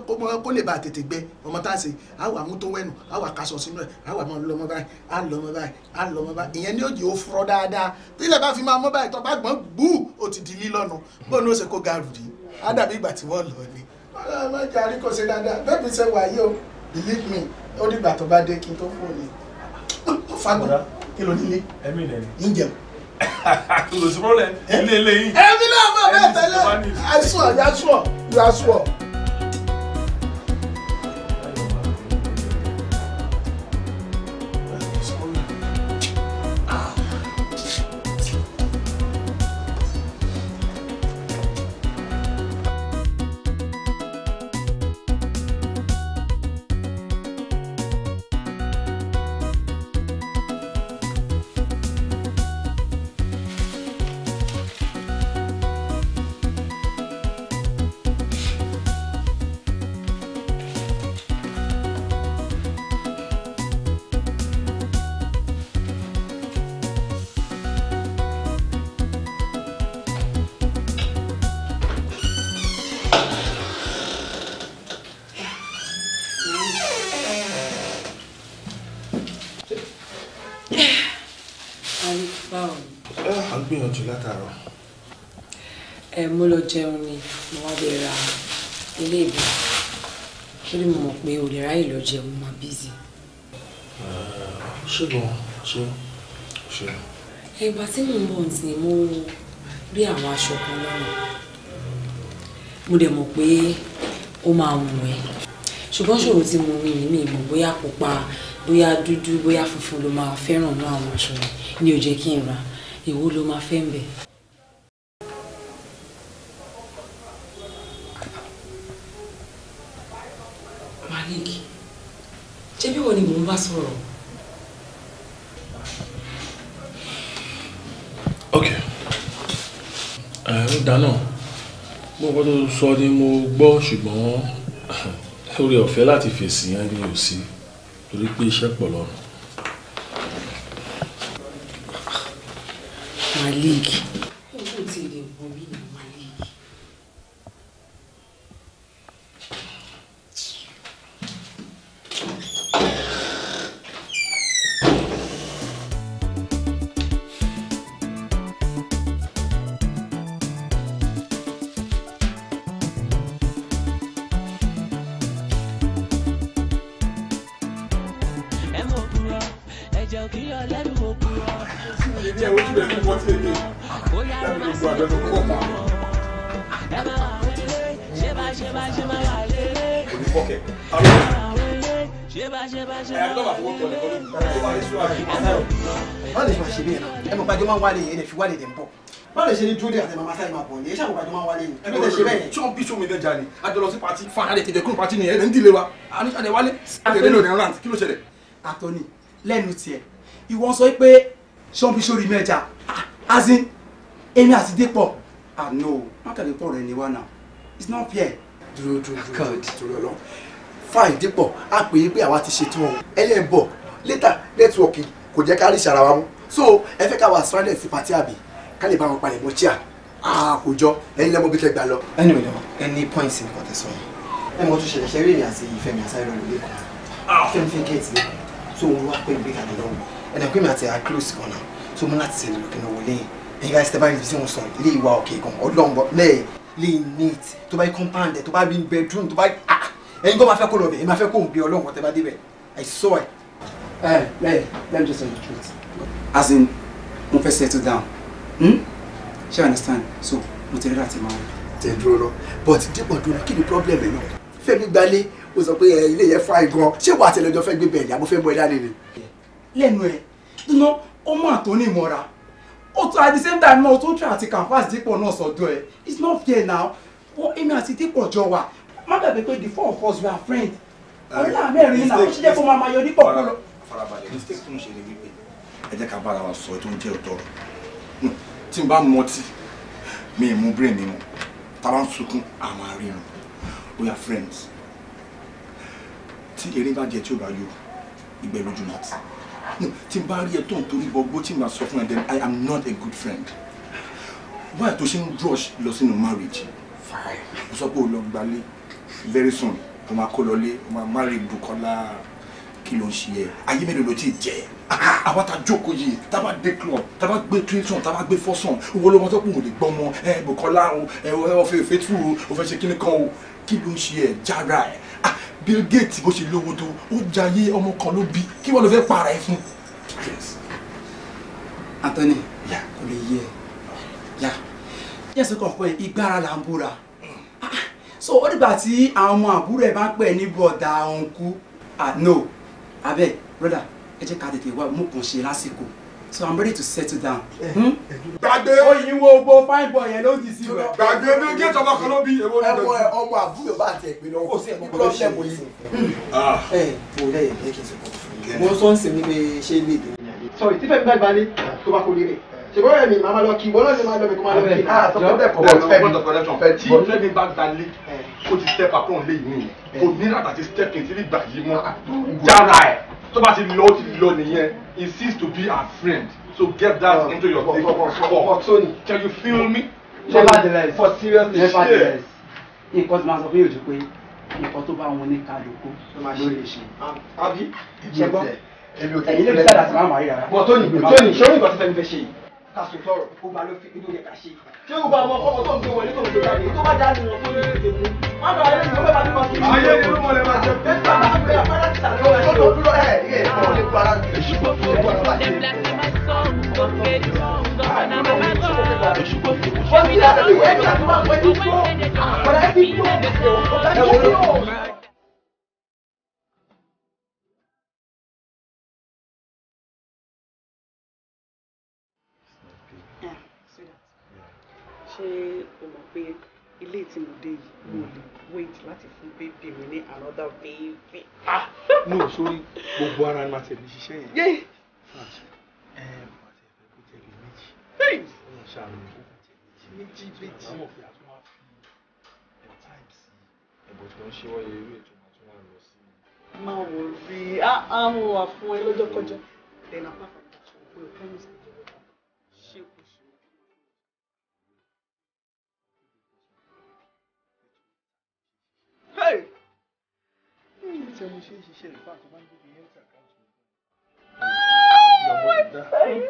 kó lè bá tètè gbẹ ọmọ tá a ṣe á wà mú tó wẹ̀nù á wà kaṣọ sínú ẹ̀ á wà mọ́ lọ́mọ báyìí á lọ́mọ báyìí á lọ́mọ báyìí ìyẹn ni ó jẹ́ ó fúrọ́ dáadáa tí ilẹ̀ bá fi máa mọ́ báyìí tó bá gbọ́n gbú ó ti di lílọ́nu bóun ló ṣe kó ga rùdí á dàbí ìgbà tí wọ́n lọ ni. ọlọ́run ọjà àríkò dáadáa bẹ́ẹ̀ mi ṣe wà o believe me ó dìgbà tó bá dé kí n tó fò ní kò sí problem ilé ilé yìí. ẹbí náà máa bẹ́ẹ̀ tẹ́lẹ̀ àìsùn àyàsùn àyàsùn. mo lọ jẹun ni mo wá lè ra ilé ìbí torí mo mọ̀ pé o lè ráyè lọ jẹun mo máa bízì. ṣùgbọ́n ṣé ṣe. ìgbà tí mo ń bọ̀ tí mo rí àwọn aṣọ kan lọ́nà mo dẹ̀ mọ̀ pé ó máa wù ẹ́ ṣùgbọ́n ṣòro tí mo rí ní ìmọ̀ bóyá pupa bóyá dúdú bóyá funfun ló máa fẹ́ràn náà àwọn aṣọ yẹn ni ò jẹ́ kí n ra èwo ló máa fẹ́ ń bẹ̀. ṣé bí wọ́n ni mò ń bá sọ̀rọ̀. ok ẹ ń dáná mo kọ́ tó sọ ni mo gbọ́ ṣùgbọ́n lórí ọ̀fẹ́ láti fèsì yẹn ni ò sí torí pé iṣẹ́ pọ̀ lọ́rùn. Malik. ṣe bẹ́ẹ̀ tí wọ́n bí sómi náà jalè àjọ lọ sí pati fana lè tètè kúrò pati nìyẹn lè ń dìlé wa àníṣàdé wálé àtẹ̀lé lòdì ẹ̀rọ kí ló ṣẹlẹ̀. àtọ́ni lẹ́nu tiẹ̀ ìwọ sọ pé ṣé bí sórí mẹ́ja azin ah, èmi àti dépọ̀ àná ah, o mákàlẹ́ pọ̀ rẹ̀ ni wá náà it's not fair. dúró dúró dúró dúró lọ fáìn dépọ̀ á pè é pé àwa ti ṣetán o ẹlẹ́yìn bọ̀ létà nẹ́tíwọ̀kì kò jẹ́ ká rí ìṣàrà wa mú so ẹ fẹ́ ká wà stranded sí pàtí àbí ká lè bá wọn palẹ̀ mọ́ chair kò jọ ẹ̀yin lẹ́mọ bí tẹ gbà lọ. ẹni ìwé lọ́wọ́ ẹni point ní kọ́tẹ́ sọ yìí ẹ mọ tó ṣẹlẹ̀ ṣe rí èmi àti ìfẹ́ mi àṣàyẹ lọ lórí kan fẹ́mi fẹ́ gẹ̀ẹ́tì lẹ́kọ̀ọ́ tó ń wá pé gbé kalẹ̀ lọ́wọ́ ẹ̀dá pé mi àti à close kan náà tó mú láti ṣẹlẹ̀ lókè náà wọlé yẹn ẹ̀yin guys tẹ bá rí ibi tí wọ́n sọ ilé ìwà òkè gan ọlọ́ngbọ lẹ́ẹ̀ lè neat tó bá compound ẹ̀ tó bá bí bedroom tó bá ẹ̀yin gan máa fẹ́ kó lọ bẹ̀ ẹ̀yin máa fẹ́ kó ń gbé ọlọ́ngbọ tẹ bá I saw it. ẹ ẹ let me just tell you the truth. as in mo fẹ́ settle down. Hmm? She understand so mo ti rí láti máa rí. tẹ dúró lọ but dípò dúró kí ni problem ẹ náà Fẹ́mi gbalé o sọ pé ilé yẹn fine gan ṣé wàá tẹlẹ ọjọ́ fẹ́ gbé bẹ́ẹ̀ ni àbúfẹ mọ ẹ dání ni. lẹ́nu ẹ̀ dúná ọmọ àtọ́ni ìmọ̀ra ó tún at the same time náà ó tún tún àti canvas dípò náà sọ́dọ̀ ẹ̀ it's not fair now wọ́n èmi àti dípò jọ wà má gbàgbé pé the four of us were friends ọ̀rẹ́lá mẹ́rin náà ó ṣe jẹ́ kó máa máa yọ dípò kúrò. farabalẹ̀ mistake tó ṣe ni wípé ẹ jẹ́ ká bára wa sọ ètò oúnjẹ ọ̀tọ̀ tí n bá mọtí mi ì mú brain mi mu tábà ń sunkún àmọ́ àríyàn we are friends tí erin bá jẹ tí ó bá yọ ìgbẹ́ lójú náà ti tí n bá rí ẹ tó ń torí bọgbó tí n bá sọ fún ẹ then I am not a good friend why tó ṣe ń rush lọ sínú marriage fine mo sọ pé o lọ gbalé very soon o máa kó lọlé o máa marry Bukola kí ló ń ṣe ẹ ayé mélòó ló ti jẹ àwa ta jókòó yìí tá a bá dé club tá a bá gbé tuition tá a bá gbé fọ́sàn owó lọ́mọ tó kùn ò lè gbọ́mọ ẹ Bùkọ́lá o ẹ o fẹ́ fẹ́ o o fẹ́ ṣe kíní kan o kí ló ń ṣe ẹ jára ẹ ah, Bill Gates bó ṣe lówó tó ó jayé ọmọ kan ló bí kí wọ́n lọ fẹ́ para ẹ fún. Anthony kò lè yẹ ya jẹ́sìn kan pé ìgbára là ń búra hmm. ah, ah. so ó dìgbà tí àwọn ọmọ àbúrò ẹ̀ bá pẹ̀ ní bọ̀dà òǹkú ah no abẹ́ broda ẹ jẹ́ ká tètè wá mú kan ṣe lásìkò so i'm ready to settle down. Eh, hmm? eh, eh, gbàgbé oyin oh, gbó fine boy yẹn ló di sí rẹ. gbàgbé bí o gé tọmọ kan ló bí ewo ló dọjú. ẹ wọ ọmọ àbúrò bá tẹ pé lọ́wọ́ kò sí ẹ̀kọ́ ló ṣe mo sìn. ẹ mo lẹ́yìn ẹ kì í ṣe kọ́ mo sọ ń sìn ní pé ṣé ilé ìdè. sọ̀rọ̀ tí gbàgbá ní tó bá kó lé ṣùgbọ́n ẹ̀mí màmá lọ kí wọ́n náà lè máa lọ mi kó máa lọ kí ah sọ́kọ́ bẹ́ẹ̀ kọ́ bọ́ọ̀ fẹ́mi tí fẹ́mi bá gbalé kó ti step akọ́ òun léyìn nìyẹn kò ní àtàtì step in sí ìgbà yìí mọ́ yàrá ẹ̀ tó bá ti lọ ó ti lọ nìyẹn insist to be our friend so get that uh, into your thinking for Tony can you feel me. nevertheless for serious nevertheless nǹkan tí màá sọ fún yòójú pé nǹkan tó bá wọn ní kálukú ló lè ṣe. àbí ṣẹgbọ́n ẹ̀yin lè fi sáà dà sí máa máa rí rárá. bọ̀ Tony Tony show me ní nǹkan tí fẹ́mi fẹ́ ká sùn tọrọ gbogbo àlọ́ fi inú yẹ ká ṣe. ṣé gbogbo àwọn ọkọ tó ń gbé wọlé tó ń gbé jáde tó bá jáde wọn tó ní ìdè má bàa ayé ni wọ́n bá ní ma kí. ayé ni wọ́n lè máa jẹ. bẹ́ẹ̀ bá bá bẹ afárá ti sàlẹ̀ wọn tó dúró ẹ̀ ẹ̀ ẹ̀ lè kó ara rẹ̀. òṣùpọ̀fọ̀ òṣùpọ̀fọ̀ òṣùpọ̀fọ̀ òṣùpọ̀fọ̀ òṣùpọ̀fọ̀ ṣé o mọ̀ pé ilé tí mo dé yìí mo lè wait láti fún bébì mi ní another baby. Ah! no sorry gbogbo ara ni màá tẹ̀lé ṣiṣẹ́ yẹn. yé ah, ẹ màá tẹ̀lé kó tẹ̀lé méjì. ọ̀rọ̀ ṣàrò kó tẹ̀lé méjì méjì. àwọn òfin àti wọn fi ẹ ah, lọ́jọ́ kọjọ́. then apart from that we it. ṣé ṣe. ṣe ń ṣiṣẹ́ ìfà tó bá ń gbégbé yẹn tàkàtù. ọmọ ìta yìí.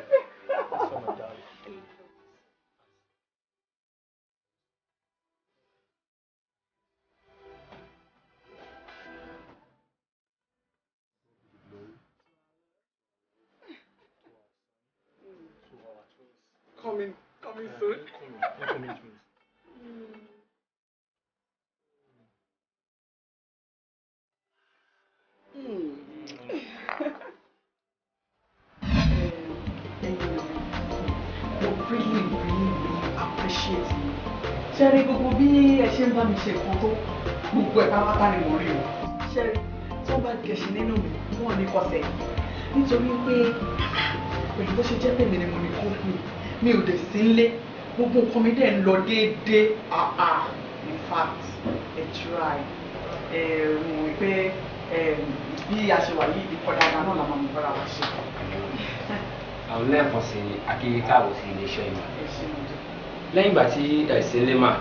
ṣẹ́rí gbogbo bí ẹ ṣe ń bá mi ṣe nǹkan tó gbogbo ẹ̀ pátápátá ni mo rí o ṣẹ́rí tó bá gẹ̀ṣin nínú mi wọ́n ní kọsẹ̀ nítorí pé pẹ̀lú bó ṣe jẹ́ pé mi ni mo ní kó mi mi ò dẹ̀ sí nlé gbogbo nǹkan mi dẹ̀ ń lọ déédéé àà in fact ẹ try ẹ mọ̀ wípé bí a ṣe wà yìí ìkọ̀dà àgbà náà làwọn àmọ̀bára wa ṣe. àwọn lẹ́ẹ̀kan sí akéyíká àwòsí iléeṣẹ́ ìmọ̀ lẹ́yìn ìgbà tí ẹ̀sìn eh, lè máa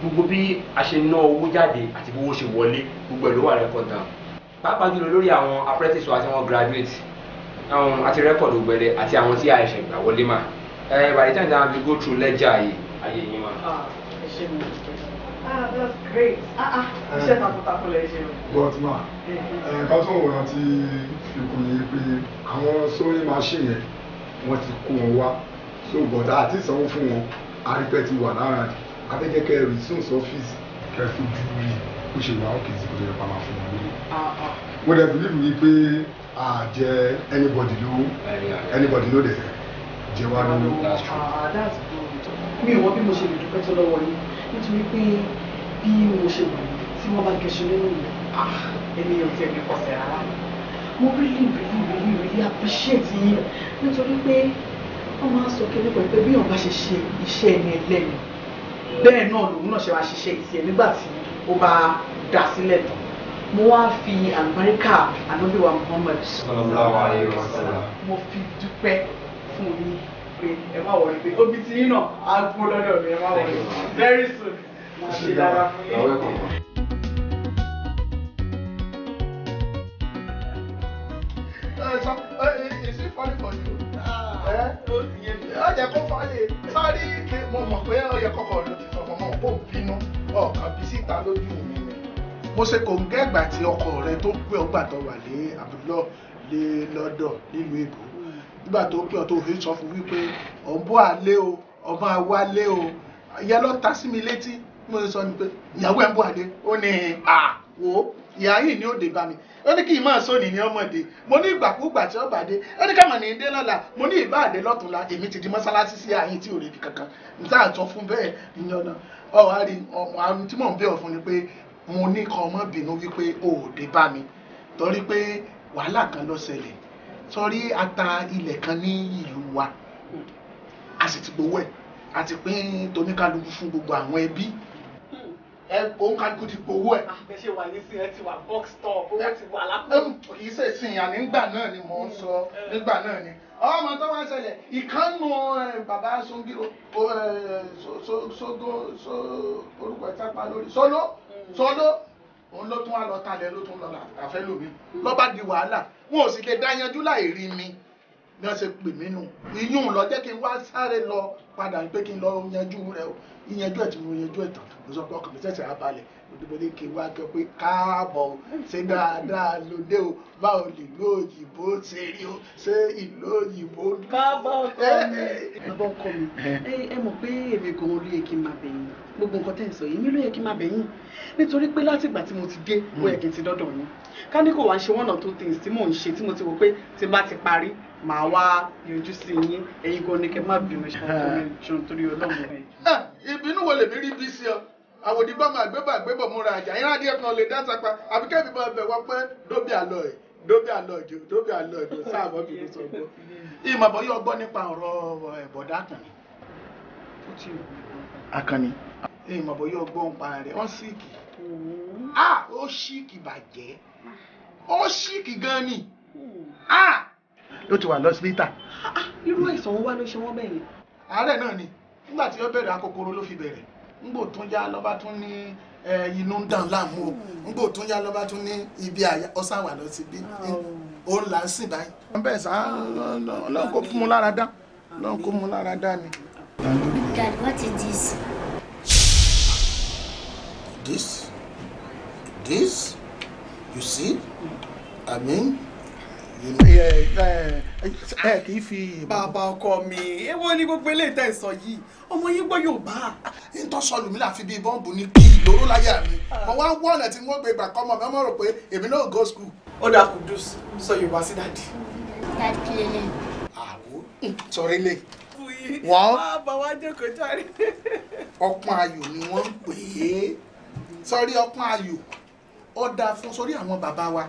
gbogbo bí a ṣe ná owó jáde àti bí owó ṣe wọlé gbogbo ẹ̀ ló wà record down pàápàá jùlọ lórí àwọn apprentice wa tí wọ́n graduate àti record ògbẹ̀dẹ àti àwọn tí a ṣẹ̀ gbà wọlé mà ẹ eh, by the time that we go through ledger yìí ayé yín mà. Ah, ah, that's great. Ah, ah, iṣẹ́ eh. takuntakun lè ṣe o. But ma, ẹ̀ka tó ń wọ̀nà ti fi kún yìí pé àwọn sewing machine yẹn wọ́n ti so but àti sanwó fún àrípẹ́ ti wà lára rẹ̀ abẹ́jẹ́kẹ́ resource office kẹfù júwìrì ó ṣe wà ókè sí kò tó yẹ pa máa fún wọn lórí. Ah, ah. mo dẹ̀ bìlíìfù yìí pé àjẹ anybody ló anybody ló dẹ̀ jẹ wá lówó. Ah, mi ò wọ bí mo ṣe lè dúpẹ́ tó lọ́wọ́ yín nítorí pé bí mo ṣe wà tí wọ́n bá gẹṣu nínú mi èmi ò tiẹ̀ ní kọsẹ̀ rárá mo really really really really appreciate yín nítorí pé wọ́n máa ń sọ kí nípa pé bí wọ́n bá ṣe ṣe iṣẹ́ ẹni ẹlẹ́ni bẹ́ẹ̀ náà lòun náà ṣe wá ṣiṣẹ́ ìsìn ẹ̀ nígbà tí ó bá dá sílẹ̀ tán mo wá fi àlùbáríkà ànábìwá Muhammad mo fi dúpẹ́ fún yín pé ẹ má wọlé pé omi náà á gbó lọ́dọ̀ mi ẹ má wọlé very soon pé ọyọ kọkọ ló ti sọmọ mọ kó bínú ọkàn bí síta lójú mi ni mo ṣe kò ń gẹ́gbà tí ọkọ rẹ tó gbé ọgbà tó wà lé àbúlọ lé lọ́dọ̀ nílùú èkó nígbà tó pé ọtọ òfin sọ fún wípé ọ̀nbọ́ àlẹ́ o ọmọ àwálé o ìyẹn ló ta sí mi létí mo sọ ni pé ìyàwó ẹ̀ ń bọ̀ àlẹ́ ó ní àwo ìyá yìí ni ó dé bá mi ó ní kí n máa sóòní ní ọmọdé mo ní ìgbàkúgbà tí ọba dé ó ní káwọn ní dé lọ́la mo ní ìbá àdé lọ́túnla èmi ti di mọ́sálásí sí àyín tí ò rèébi kankan níta àtọ́ fún bẹ́ẹ̀ ìyànnà ọ̀hún àrí ọ̀hún àrùn tí mò ń bẹ̀ fún ni pé mo ní kan ọmọ bínú wípé ó dé bá mi torí pé wàhálà kan ló ṣẹlẹ̀ torí ata ilẹ̀ kan ní ìlú wa a sì ti gbowó ẹ̀ àti pín toníkàlùkù fún gbogbo àwọn ẹbí ẹ òun ká kó ti gbowó ẹ. Ah, ẹ wà ní sin ti wà box top owó ti wà lápò. kì í ṣe sin nígbà náà ni mò ń sọ mm, eh. nígbà náà ni. ọmọ tó wá ṣẹlẹ̀ ìkànnù eh, bàbá songiro eh, sogo orúkọ ìtàpá lórí solo mm. solo òun ló tún wá lọ talẹ̀ ló tún lọ àfẹ́ lómi lọ́ba di wàhálà wọn ò sì lè dá yanjú láì rí mi bí wọ́n ṣe pè mí nù iyún lọ jẹ́ kí n wá sáré lọ padà pé kí n lọ yanjú rẹ o yíyanjú ẹ̀ tí mo yanjú ẹ̀ tán mo sọ pé ọkàn mi ṣẹ̀ṣẹ̀ á balẹ̀ ní kí n wá kẹ́ pé káàbọ̀ o ṣé dáadáa lóde o báwo lìlú òyìnbó ṣe rí o ṣé ìlú òyìnbó. bàbá ọkọ mi bàbá ọkọ mi ẹ mọ̀ pé èmi kò ń rí èkì máa bẹ̀yìn gbogbo nǹkan tẹ̀ ń sọ yìí mi ló yẹ kí n máa bẹ̀yìn nítorí pé láti ìgbà tí mo ti dé ó yẹ kí n ti dọ́dọ̀ yín ká ní kò wá ṣe one or two things màá wá yọjú sí yín ẹ̀yin kò ní kẹ́ má bínú ṣan torí ọlọ́run rẹ̀. Ah, ìbínú wo lèmi rí bí sí ọ àwòdì bá máa gbé bá gbé bọ̀ múra àjà yín rádìẹ kan lè dá sapa àbí kẹ́mi máa bẹ̀ wá pé dóbi àlọ́ ẹ̀ dóbi àlọ́ ìjò dóbi àlọ́ ìjò sáàbọ̀ fi ló sọ gbọ́. ìmọ̀ bọ́ yóò gbọ́ nípa ọ̀rọ̀ ẹ̀bọ̀dá kan akànnì ìmọ̀ bọ́ yóò gbọ́ nípa rẹ̀ wọ́n síìkì ó síìkì ah, bàjẹ́ ó síìkì gan ni. ló ti wà lọ lọ́sibítà. Ah, ah, irú àìsàn wọn wá ló ṣe wọn bẹ́ẹ̀ yẹn. àárẹ̀ náà ni nígbà tí ó bẹ̀rẹ̀ akokoro ló fi bẹ̀rẹ̀ ngbò tún yá lọ́ba tún ní inú ń dàn láàmú o ngbò tún yá lọ́ba tún ní ibi àyà ọ̀sán wà lọ́sibítà ó ń là ń sìn báyìí. wọ́n bẹ̀ sá lọ́n kó mú lára dá lọ́n kó mú lára dá ni. Dad, what is dis dis This? You see? I mean. ẹ kì í fi. bàbá ọkọ mi èwo ni gbogbo eléyìí tẹ́ ẹ yìí ọmọ yín gbọ́ yóò bá. n tó láfi bíi bọ́ǹbù ní kí ìlóró láyà mi mo wá wọ ọ̀nà tí wọ́n gbé gbà kọ́ ọmọ mi ọmọ rò pé èmi náà go school. ó dà Kudus sọ Yorùbá sí dàdí. dàdí kí àwo sọrí lè. wọ́n bá wa jókòó járe. ọpọ́n ayò ni wọ́n ń pè é sọrí ọpọ́n ayò ó dáa fún sórí àwọn bàbá wa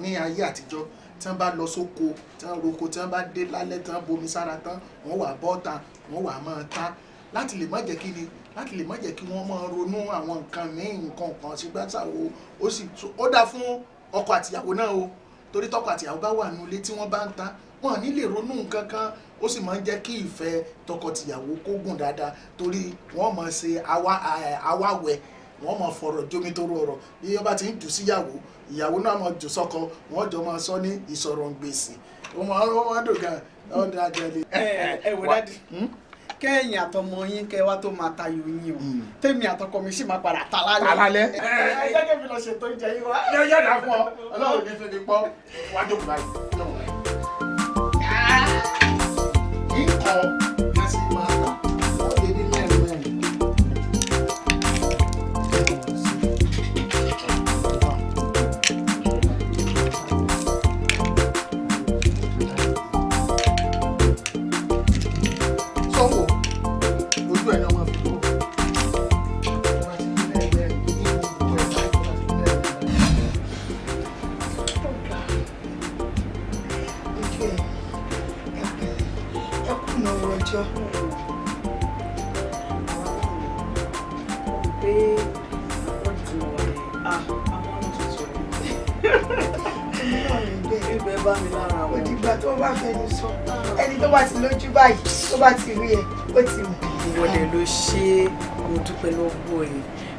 ní ayé àtijọ́ tí wọ́n bá lọ sóko tí wọ́n roko tí wọ́n bá dé lálẹ́ tí wọ́n bomi sára tán wọ́n wà bọ́ta wọ́n wà máa ta láti lè má jẹ́ kí ni láti lè má jẹ́ kí wọ́n máa ronú àwọn nǹkan ní nǹkan kan sí gbàtà o ó sì ó dá fún ọkọ àtìyàwó náà o torí tọkọ àtìyàwó bá wà nílé tí wọ́n bá ń ta wọn ní lè ronú nǹkan kan ó sì máa ń jẹ́ kí ìfẹ́ tọkọ kó gùn dáadáa torí wọ́n máa ṣe awáwẹ̀ wọ́n mọ̀ fọ̀rọ̀ jómi tó ọrọ bí ọba ti ń jù síyàwó ìyàwó náà mọ̀ jù sọ́kọ jọ máa sọ ní ìsọ̀rọ̀ gbèsè wọ́n máa wọ́n dùn gan ọ̀dọ̀ àjẹlé. ẹ wò dádì hmm? kẹ́yìn àtọmọ yín kẹ́ wá tó máa tayò yín o hmm. tẹ́mi àtọkọ mi sì máa padà ta lálẹ́. ta lálẹ́. ẹ ẹ ọ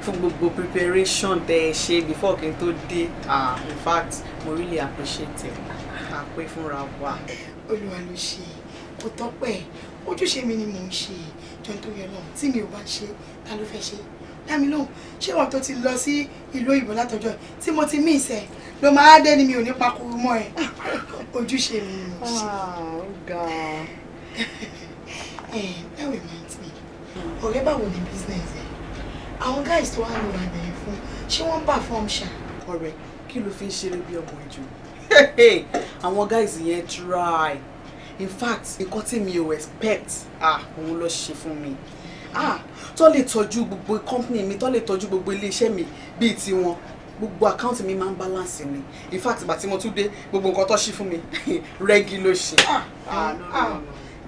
fún gbogbo preparation tẹ ẹ ṣe before kí n tó dé in fact mo really appreciate it a pé fúnra wa. olúwa ló ṣe kò tọ́pẹ́ ojúṣe mi ni mò ń ṣe jọ́n tó yẹ lọ́hùn tí mi ò bá ṣe ta ló fẹ́ ṣe dámi lóhùn ṣé wọn tó ti lọ sí ìlú òyìnbó látọjọ́ tí mo ti mí ìṣẹ ló máa dé ni mi ò ní pakuru mọ́ ẹ ojúṣe mi ni mo ṣe. ọ̀gá. ẹ ẹ dáwọ̀ ìmọ̀ àti mi ọ̀rẹ́ báwo ni business àwọn guys tó wà ní wà náà fún ṣé wọ́n ń perform ṣá. ọ̀rẹ́ kí ló fi ń ṣeré bí ọmọ ìjọ àwọn guys yẹn try in fact nǹkan tí mi ò expect ah òun ló ṣe fún mi ah tó lè tọ́jú gbogbo company mi tó lè tọ́jú gbogbo iléeṣẹ́ mi bíi tiwọn gbogbo àkáǹtì mi máa ń balance ni in fact ìgbà tí mo tún dé gbogbo nǹkan tó ṣí fún mi rẹ́gí ló ṣe. Ah, ah, ah,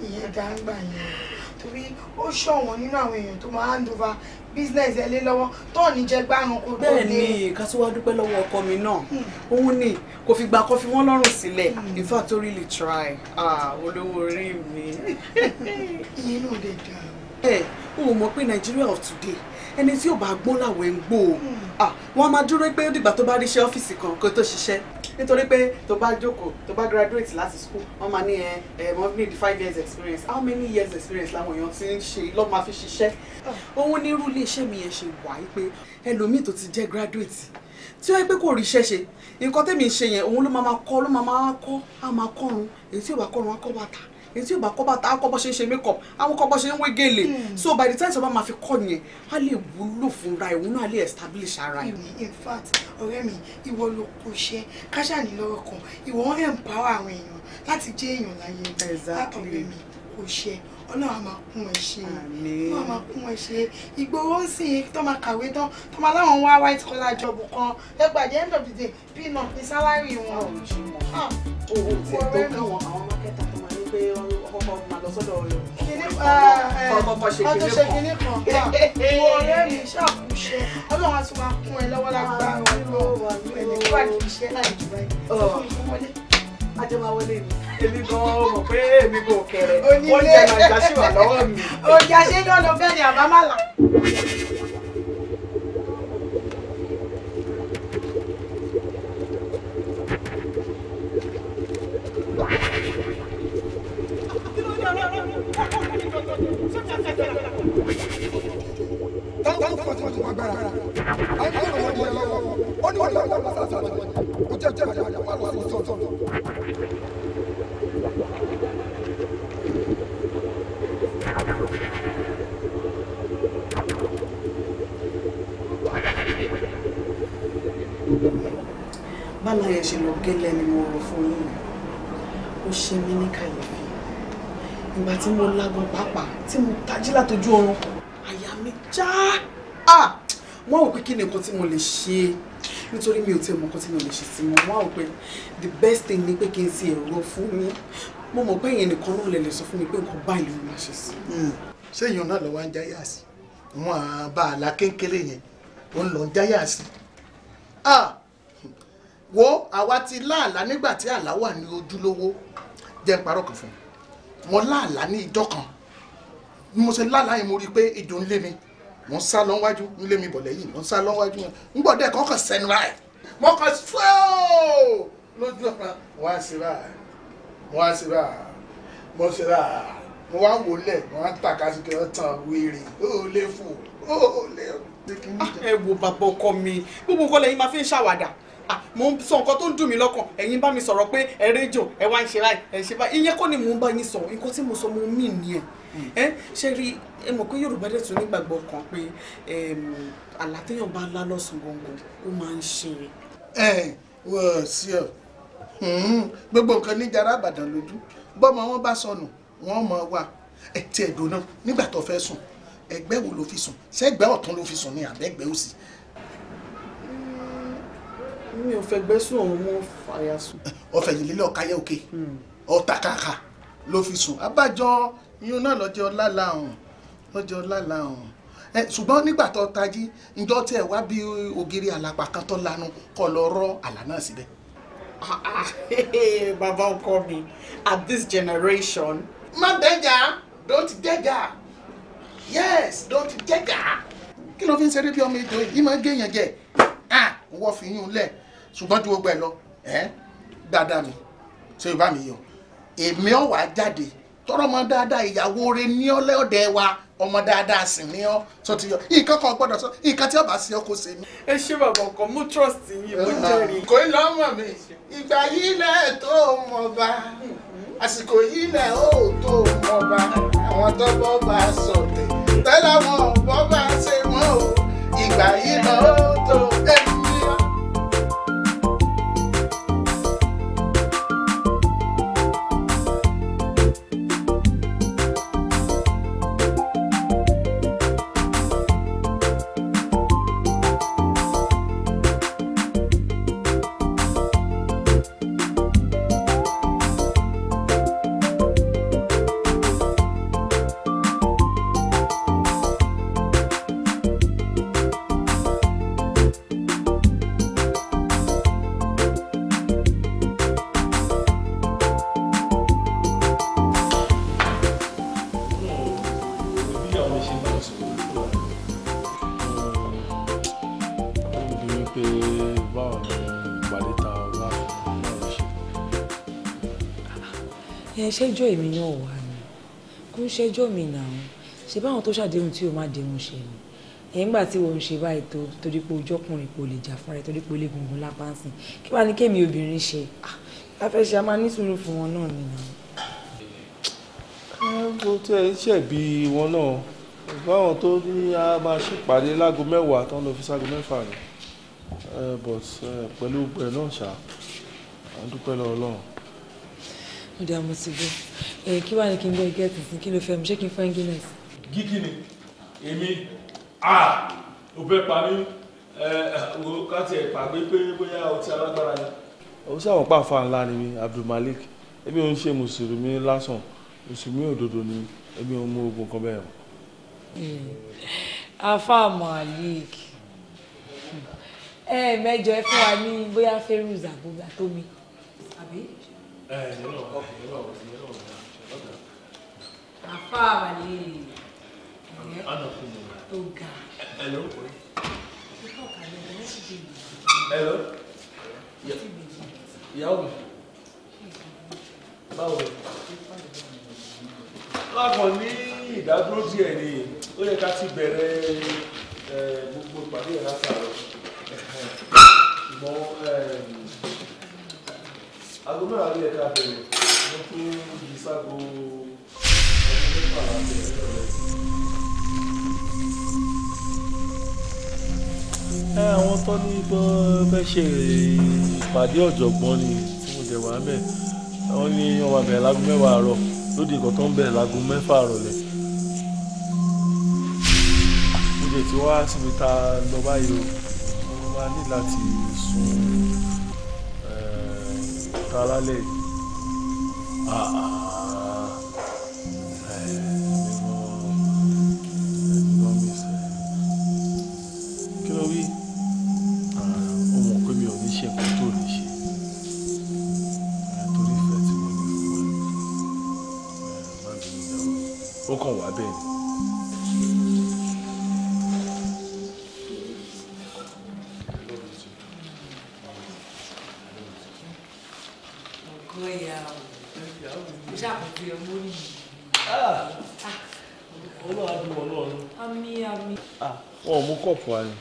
ìyẹn dáńgbà yẹn torí ó ṣọ̀wọ́n nínú àwọn èèyàn tó máa ń dúva business ẹ lé lọ́wọ́ tó ní jẹ gbárùn kó tó dé. bẹ́ẹ̀ni ká tó wá dúpẹ́ ọkọ mi náà hmm. òun ni kò fi gba kọfí wọn lọ́rùn sílẹ̀ in fact ó really try ah, olówó orí mi. ìyẹn náà dẹ̀ dáa. ẹ o mọ̀ pé Nigeria of today ẹni tí ò bá gbọ́n làwọn ń gbó Mm wọ́n máa dúró pé ó dìgbà tó bá ríṣẹ́ ọ́fíìsì kan kó tó ṣiṣẹ́ nítorí pé tó bá jókòó tó bá graduate láti school wọ́n máa ní ẹ ẹ wọ́n need five years experience how many years experience làwọn èèyàn ti ń ṣe lọ́ọ́ máa fi ṣiṣẹ́ òun ní irú iléeṣẹ́ mi yẹn ṣe wà yí pé ẹlòmíì tó ti jẹ́ graduate tí ó yẹ pé kò ríṣẹ́ ṣe nǹkan tẹ̀mí ṣe yẹn òun ló máa máa kọ́ ló máa máa kọ́ á máa kọ́run èyí tí ò bá kọ́run á kọ́ bàtà etí ò bá kọ́ bàtà ṣe ń ṣe makeup àwọn kọ́ bọ́ ṣe ń wé gèlè hmm. so by the time tí wọ́n bá máa fi kọ́ nìyẹn á lè wúlò fúnra ìwọ náà lè establish ara ẹ̀. Hmm, in fact ọ̀rẹ́ mi ìwọ ló kó iṣẹ́ káṣà ní lọ́wọ́ kan ìwọ ń empower àwọn èèyàn láti jẹ́ èèyàn láyé ọ̀rẹ́ mi kó iṣẹ́ ọlọ́run a máa kún ẹ ṣe ọlọ́run a máa kún ẹ ṣe ìgboro ń sìn tó máa kàwé tán tó máa láwọn wá white collar job kan ẹgbàjẹ́ end of the day peanut ní sálárì wọn. Ah, owó tí ẹ tó káwọn àwọn mákẹ́tà tó pé ọkọ̀ máa lọ sọ́dọ̀ ọ̀yọ́. ọkọ̀ eh, ṣe kinní kan ìwọ ọ̀rẹ́ mi ṣàkóso ọlọ́run á máa kún ẹ lọ́wọ́ lágbára ọlọ́run ẹ̀mí kí wàá kì í ṣe láì jù èmi gan mọ̀ pé èmi kò kéré oúnjẹ náà jásí wà lọ́wọ́ mi. oúnjẹ àṣẹ lọ bẹ́ẹ̀ ni àbámàlà. táwọn fún ọtí wọn tó wọn gbára àwọn yóò ṣe lọ gẹ́lẹ́ ni mo rò fún yín ó ṣe mí ní kàyé ìgbà tí mo lagun pàápàá tí mo tají látojú oorun àyà mi já wọ́n wò pé kí ni nǹkan tí mo lè ṣe nítorí mi ò tí ì mọ nǹkan tí mo lè ṣe sí wọn wọ́n pé the best thing ni pé kí n ti ẹ̀rọ fún mi mo mọ̀ pé ìyẹn nìkan náà lè lè sọ fún mi pé nǹkan báyìí ló máa ṣe sí. Hmm. ṣé èèyàn náà lọ wá ń jáyà sí wọn àbá àlá kéńkéré yẹn ó ń lọ ń jáyà sí. wo àwa ti láàlá nígbà tí àlá wà ní ojúlówó jẹ́ parọ́ kan fún un mo láàlá ní ìjọ kan ni mo ṣe láàlá yẹn mo rí i pé ejò ń lé mi mo ń sá lọ́wájú ń lé mi bọ̀ lẹ́yìn mo ń sá lọ́wájú ń gbọ́dọ̀ ẹ̀kọ́ kan sẹ́nu ra ẹ̀ mo kàn sọ́ọ̀ lójú ọ̀pá wọ́n á ṣe rà wọ́n á ṣe rà mo ṣe rà mo wá wò mo wá tàka sí kí wọ́n tàn wéèrè ó lè fò ó lè. Ah, ẹ wo bàbá ọkọ mi gbogbo nǹkan lẹ́yìn máa fi ń ṣàwàdà mo ń sọ nǹkan tó ń dùn mí lọ́kàn ẹ̀yin bá mi sọ̀rọ̀ pé ẹ rédíò ẹ wá ń ṣe láì ẹ ṣe báyìí ìyẹn kọ́ ni mò ń bá yín sọ nǹkan tí mo sọ mo mí nìyẹn hmm. ẹ ṣe rí ẹ mọ̀ pé Yorùbá dẹ̀ tún nígbàgbọ́ kan pé àlá téèyàn bá lá lọ́sùn gbọ̀ngàn ó máa ń ṣe. ẹ wọ sí ọ hmm, gbogbo nǹkan níjàrá àbàdàn lójú bọ́mọ wọn bá sọnù wọn mọ wà ẹ tiẹ̀ dùn náà nígbà tó fẹ́ sùn ẹgbẹ́ wo ló fi sùn ṣẹ́gbẹ́ ọ̀tún ló fi sùn ni àbẹ́gbẹ́ òsì mi ò fẹ̀gbẹ́ sùn òun mo fàyà sùn. ọfẹ yìí lílẹ ọkà yẹ òkè hmm. ọta kàkà ló fi sùn abájọ iyún náà lọjọ lálá ọhún lọjọ lálá ọhún ẹ ṣùgbọ́n nígbà tó tají ǹjọ́ tí ẹ wá bí ògiri àlàpà kan tó lanu kọ́ lọ rọ́ àlà náà síbẹ̀. Ah, ah, bàbá ọkọ mi at this generation. má dẹ́jà don't dẹ́jà yes don't dẹ́jà. kí ló fi ń ṣeré bí ọmọ ètò yìí máa ń gé èèyàn jẹ ah, wọ́n fi yún un lẹ̀ ṣùgbọ́n ju gbogbo ẹ̀ lọ ẹ́ dáadáa mi ṣé yorùbá mi yàn èmi ọ̀ wá jáde tọrọ ọmọ dáadáa ìyàwó rẹ ní ọlẹ́ ọ̀dẹ wa ọmọ dáadáa sì ní ọ tó ti yọ nǹkan kan gbọ́dọ̀ sọ nǹkan tí ọba sí ọ kò ṣe mí. ẹ ṣe bàbá ọkọ mú trust yín mo jẹrìí. kò í lọ́mọ mi ìgbà yìí lẹ̀ tó mọ̀ bá àsìkò yìí lẹ̀ ó tó mọ̀ bá àwọn tó bọ́ bá sọ̀tẹ̀ tẹ́lẹ̀ wọn. ẹ ṣẹ́jọ́ èmi náà wà ní kó ń ṣẹ́jọ́ mi nàá ṣe báwọn tó ṣàdéhùn tí o má déhùn ṣe ni ẹ̀yìn gbà tí wọ́n ń ṣe báyìí tó torí pé ojú ọkùnrin kò lè jà fún rẹ̀ torí pé ó lè gungun lápá ń sìn kí wàá ní kémi obìnrin ṣe láfẹ́ ah, ṣe a máa ní sùúrù fún wọn náà nìyẹn. bó tí ẹ ṣẹ̀bi wọn náà báwọn tó ní a máa ṣèpàdé láago mẹ́wàá tán lọ fi sáago mẹ́fà ni but pẹ̀lú gbẹ̀rẹ̀ náà ṣá à dúpẹ́ lọ́wọ́ Ọlọ́run ó dá mo ti gbọ́ ẹ kí wàá ní kí n gbọ́ ẹgẹ́ tuntun kí ló fẹ́ mu ṣé kí n fún guinness. gígì ni èmi a ò fẹ́ pa mí eh, wo ká tiẹ̀ pàgbé pé bóyá ọtí alágbára ni. òun sáwọn pàfà ńlá ni mi abdulmalik èmi ò ń ṣe mùsùlùmí lásán mùsùlùmí òdodo ni èmi ò mú ogun kan bẹ́ẹ̀ o. Hmm. afa malik ẹ̀ẹ́mẹ́jọ hmm. eh, ẹ fún wa ní bóyá fẹ́rù zàbúgbà tó mi àfa àwàlẹ ẹ tó ga. Hello. Ìyàwó mi. Báwo ni? Lákàn ní ìdádúró díẹ̀ ni ó yẹ ká ti bẹ̀rẹ̀ gbogbo ìpàdé yẹn látàrọ̀. Ṣùgbọ́n aago mẹ́wàá ló yẹ ká bẹ̀rẹ̀ mo tún yí ságo ọdún mẹ́fà láti ẹ̀rọ rẹ̀. ẹ àwọn tó ní bọ́ fẹ́ ṣe ìpàdé ọ̀jọ̀gbọ́n ni tí mo dẹ̀ wá mẹ́ wọ́n ní ọmọ bẹ̀rẹ̀ láago mẹ́wàá àárọ̀ lóde ìkọ̀ tó ń bẹ̀rẹ̀ láago mẹ́fà àrọ̀lẹ́ mo dẹ̀ ti wá síbi tá lọ báyìí o mo máa ní láti sùn tara Ah. ah. Voilà.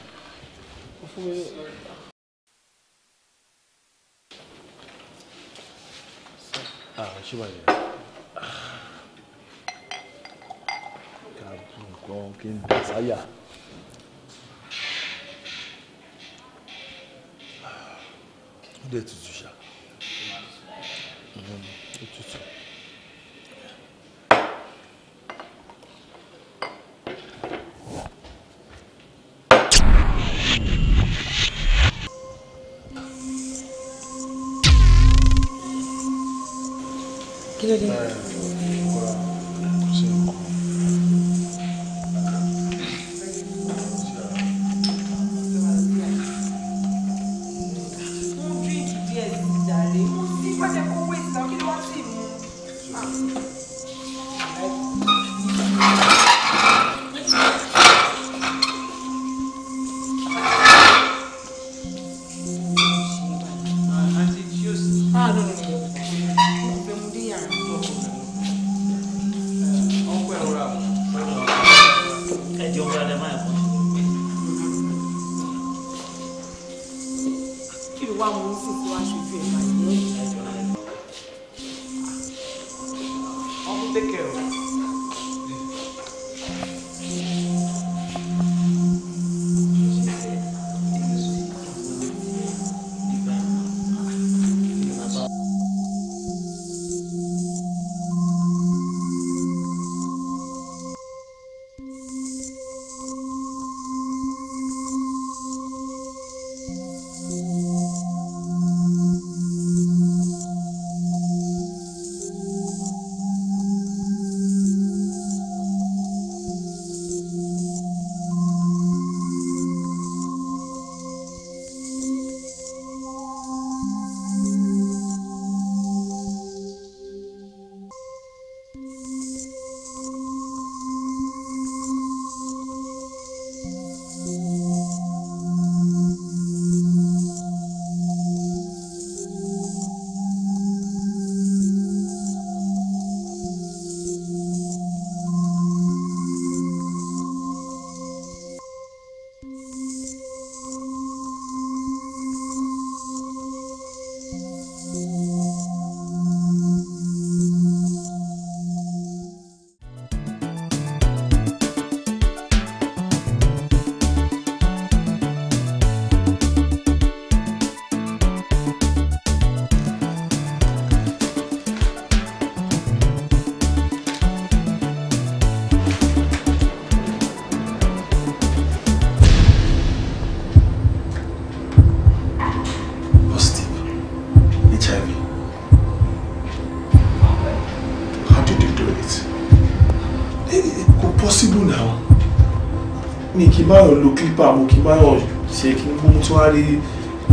bá mu kí n má yọ̀ ṣe kí n kú mo tún wá rí hiv.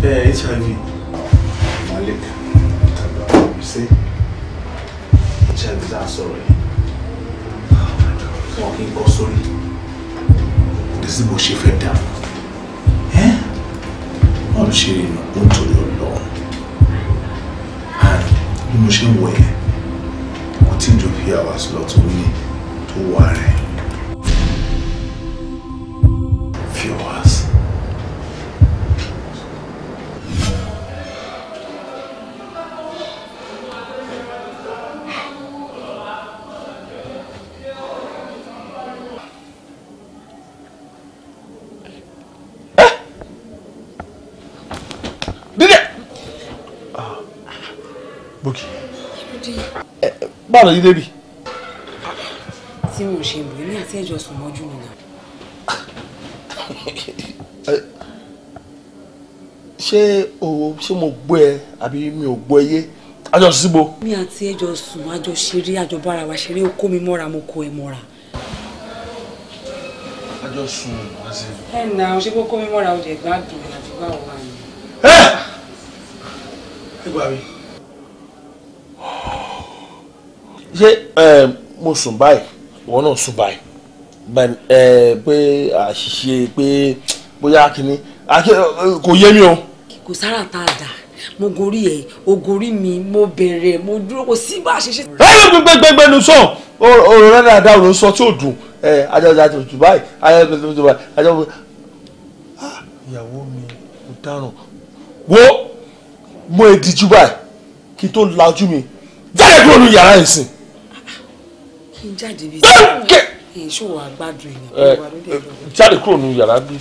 Eh, Malik àgbà you see hiv dá sọ̀rọ̀ yìí wọn kì í kọ́ sórí dèsí bó ṣe fẹ́ dà ẹ́ wọ́n ṣe ìrìnà ó ń torí ọlọ́run and bí mo ṣe wọ̀ ẹ́ kò tí ì jọ fi hours lọ tó tó wà rẹ̀. lọ yín débi. tí mo ṣe bò ní àti ẹjọ sùn mọ́jú nìyà. ṣé o ṣé mo gbọ́ ẹ àbí mi ò gbọ́ ẹ yé àjọ síbo. mi àti ẹjọ sùn àjọ ṣeré àjọ bára wa ṣeré ó kó mi mọ́ra mo kó ẹ mọ́ra lọ sùn wá sí. ẹ nà ọ ṣe kókó mímọ́ra ọjà ìgbádùn ìlàjì bá wà ní. ẹ gbà mí. ṣé eh, mo sùn báyìí wọn náà sùn báyìí eh, pé àṣìṣe pé bóyá kínní kò yé mi o. kò sára tá a dà mo gorí ẹ o gorí mi mo bẹ̀rẹ̀ mo dúró kò sí bá a ṣe ṣe. ẹ yóò gbẹgbẹgbẹ nu sọ ọ̀rọ̀ rẹ dáadáa ọ̀rọ̀ sọ tí ò dùn eh, ajáwé tuntun báyìí ajáwé tuntun báyìí ajáwé ìyàwó mi kò dáràn wo mo èdìjú báyìí kí n tó lajú mi jáde kúrò ní yàrá ìsìn kí n jáde bíi tí èso wà gbádùn èèyàn kó wà lóde ìjọba. jáde kúrò nínú yàrá bí.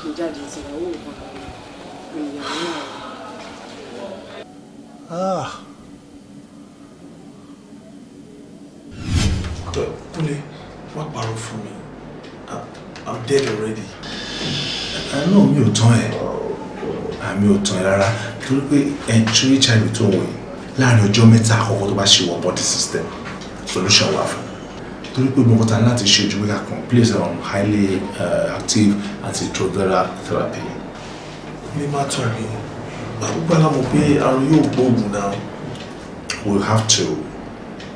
kí n jáde sí ìyàwó òkan ìyàwó náà. Kúnlé, wá parọ́ fún mi. I'm dead already. Àná mi ò tán ẹ̀. Àmì ah, ò tán ẹ̀ rárá. Torí pé ẹ̀ ń tún HIV tó wọ̀nyí láàárín ọjọ́ mẹ́ta àkọ́kọ́ tó bá ṣe wọ body system solution wà fún torí pé gbogbo ta láti ṣe ju wíwá kan place on highly uh, active antiretroviral therapy. ní má tọ̀ mí àbúgbà náà mo pé àrùn yóò gbóògùn náà. we have to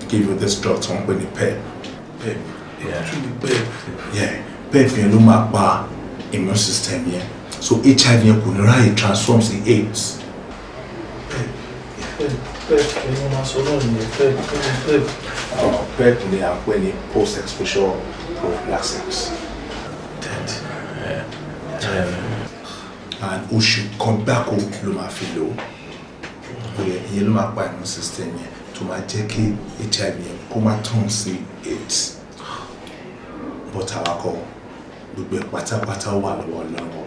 give you this drug tí wọ́n pè ní pep. pep yeah. pep. E yeah pep e yẹn ló máa pa immune system Yeah. so hiv yẹn kò ní ráyè transform sí aids. pep. Yeah. PEP ni wọ́n máa sọ náà nìyẹn PEP kí ni PEP. PEP ni à ń pè ní post exposure prophylaxis. and oṣù kan gbáko ló máa fi lò ó ìyẹn ló máa pa immune system yẹn tó máa jẹ́ kí HIV yẹn kó má tàn sí AIDS but àwa kọ gbogbo ẹ̀ pátápátá wà lọ́wọ́ lọ́wọ́.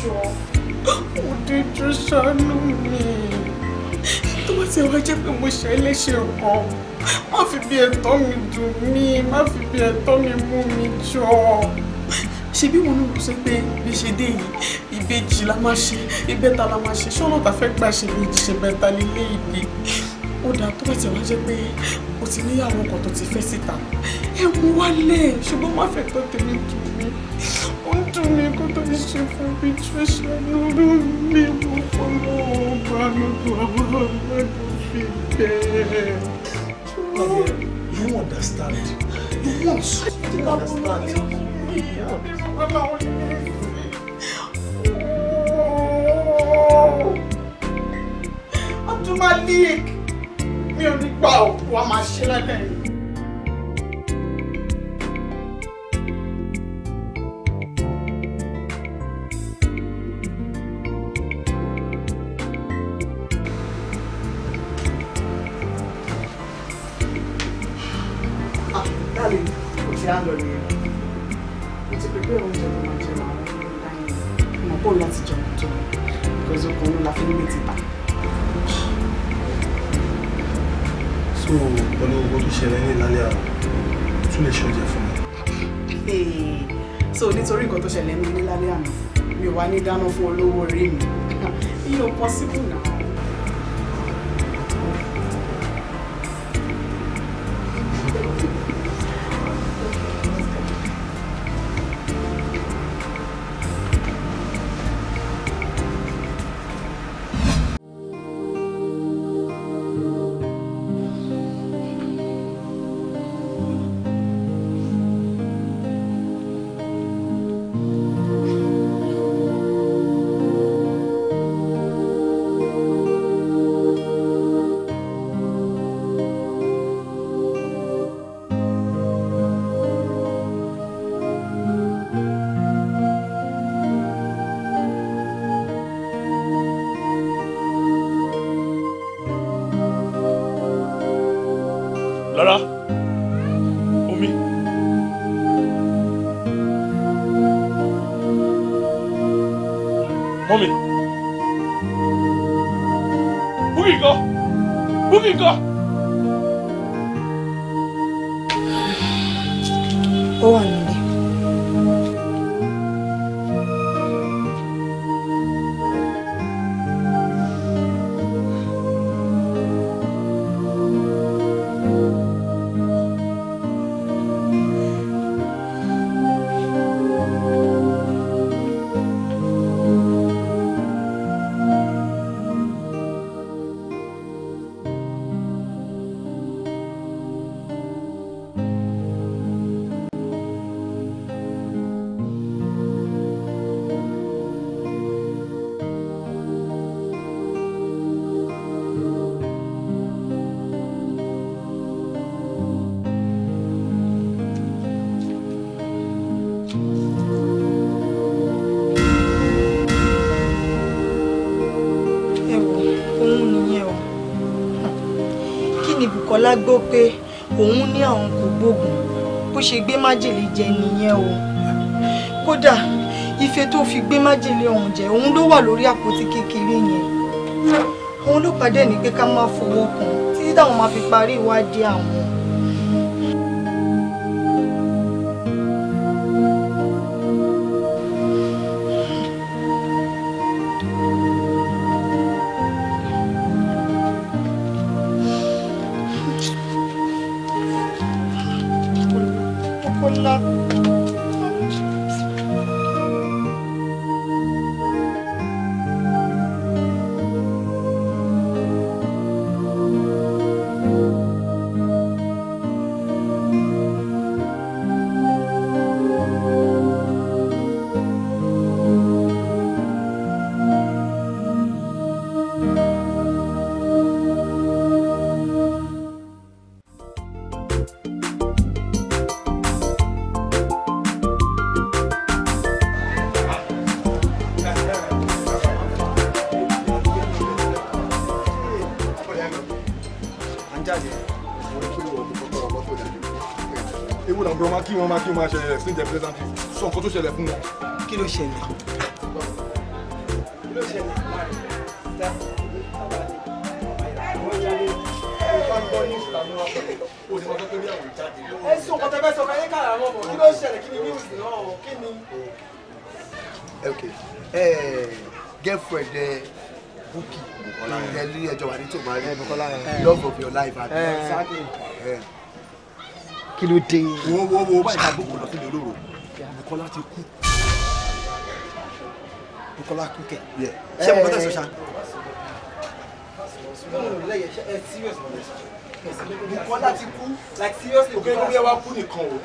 jọ òdejò ṣàánú mi tó bá ti wá jẹ́ pé mo ṣe ẹlẹ́ṣẹ̀ kan má fi bí ẹ̀tọ́ mi dùn mí má fi bí ẹ̀tọ́ mi mú mi jọ ṣebí wọn ló sọ pé bí ṣe dé yìí ìbejì la máa ṣe ìbẹ́ta la máa ṣe ṣọ́nà tá fẹ́ gbà ṣe ìbejì ṣe bẹ́ta nílé ìgbé ó dáa tó bá ti wá jẹ́ pé o ti níyàwó kan tó ti fẹ́ síta ẹ mú wálé ṣùgbọ́n má fẹ́ tọ́ tèmi dùn ó dùn mí kó tó ṣe fún mi tó ṣàánú ló mi mo fọmọ ọba lọ́dọ̀ You understand. You want something understand. Abdulmalik, mi ò ní gbà ọ́, wàá máa ṣe Bueno. pé òun ní àwọn kò gbógun bó ṣe gbé májèlé jẹ nìyẹn o kódà ife tó fi gbé májèlé ọ̀hún jẹ òun ló wà lórí àpótí kékeré yẹn àwọn ọlọ́pàá dẹ̀ ní pé ká má fọwọ́ kàn títí táwọn máa fi parí ìwádìí àwọn. ló máa ṣẹlẹ̀ sí ìjẹ́ pírẹ́sìdántì sọ nǹkan tó ṣẹlẹ̀ fún wọn. kí ló ṣẹlẹ̀ kí ló girlfriend eh, Bukky eh, love of your life àti kí ló dé. wo wo wo báyìí ká gbókò lọ sílẹ̀ olóró Bukola ti kú Bukola kú kẹ ṣé mo fẹ́ tẹ̀sán eh. ṣá. Bukola ti kú like seriously òkè ló yẹ wá kú nìkan o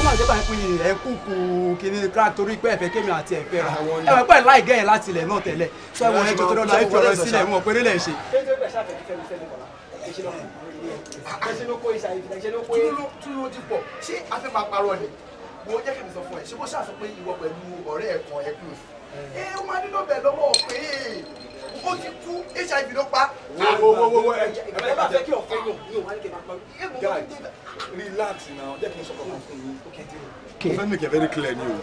ó máa jẹ́ báyìí pé ẹ kú kú kíra torí pé ẹ̀fẹ́ kémi àti ẹ̀fẹ́ ra ẹ wọ́n pẹ́ láì gẹ́yìn láti ilẹ̀ náà tẹ́lẹ̀ ṣé wọn ẹjọ́ tó dọ́là ìfọ̀rọ̀ sílẹ̀ wọn péré lẹ̀ ṣe ṣe lọ fún ṣe ló kó iṣẹ́ àyè ṣe ló kó. kí ló ti pọ̀ ṣé a fẹ́ máa parọ́ ni wo jẹ́ kẹ́mi sọ fún ẹ ṣé kó ṣàṣọ pé ìwọ pẹ̀lú ọ̀rẹ́ ẹ̀ kan ẹ̀ close. ẹ ó máa nílò bẹ̀ lọ́wọ́ pé ó ti kú hiv ló pa. wo wo wo wo ẹ ẹ bá fẹ́ kí ọ̀fẹ́ yàn ní òun wá ní kẹ́ máa pa mí. guy relax now jẹ́ kí n sọ̀rọ̀ kan fún yín. mo fẹ́ make it very clear ni o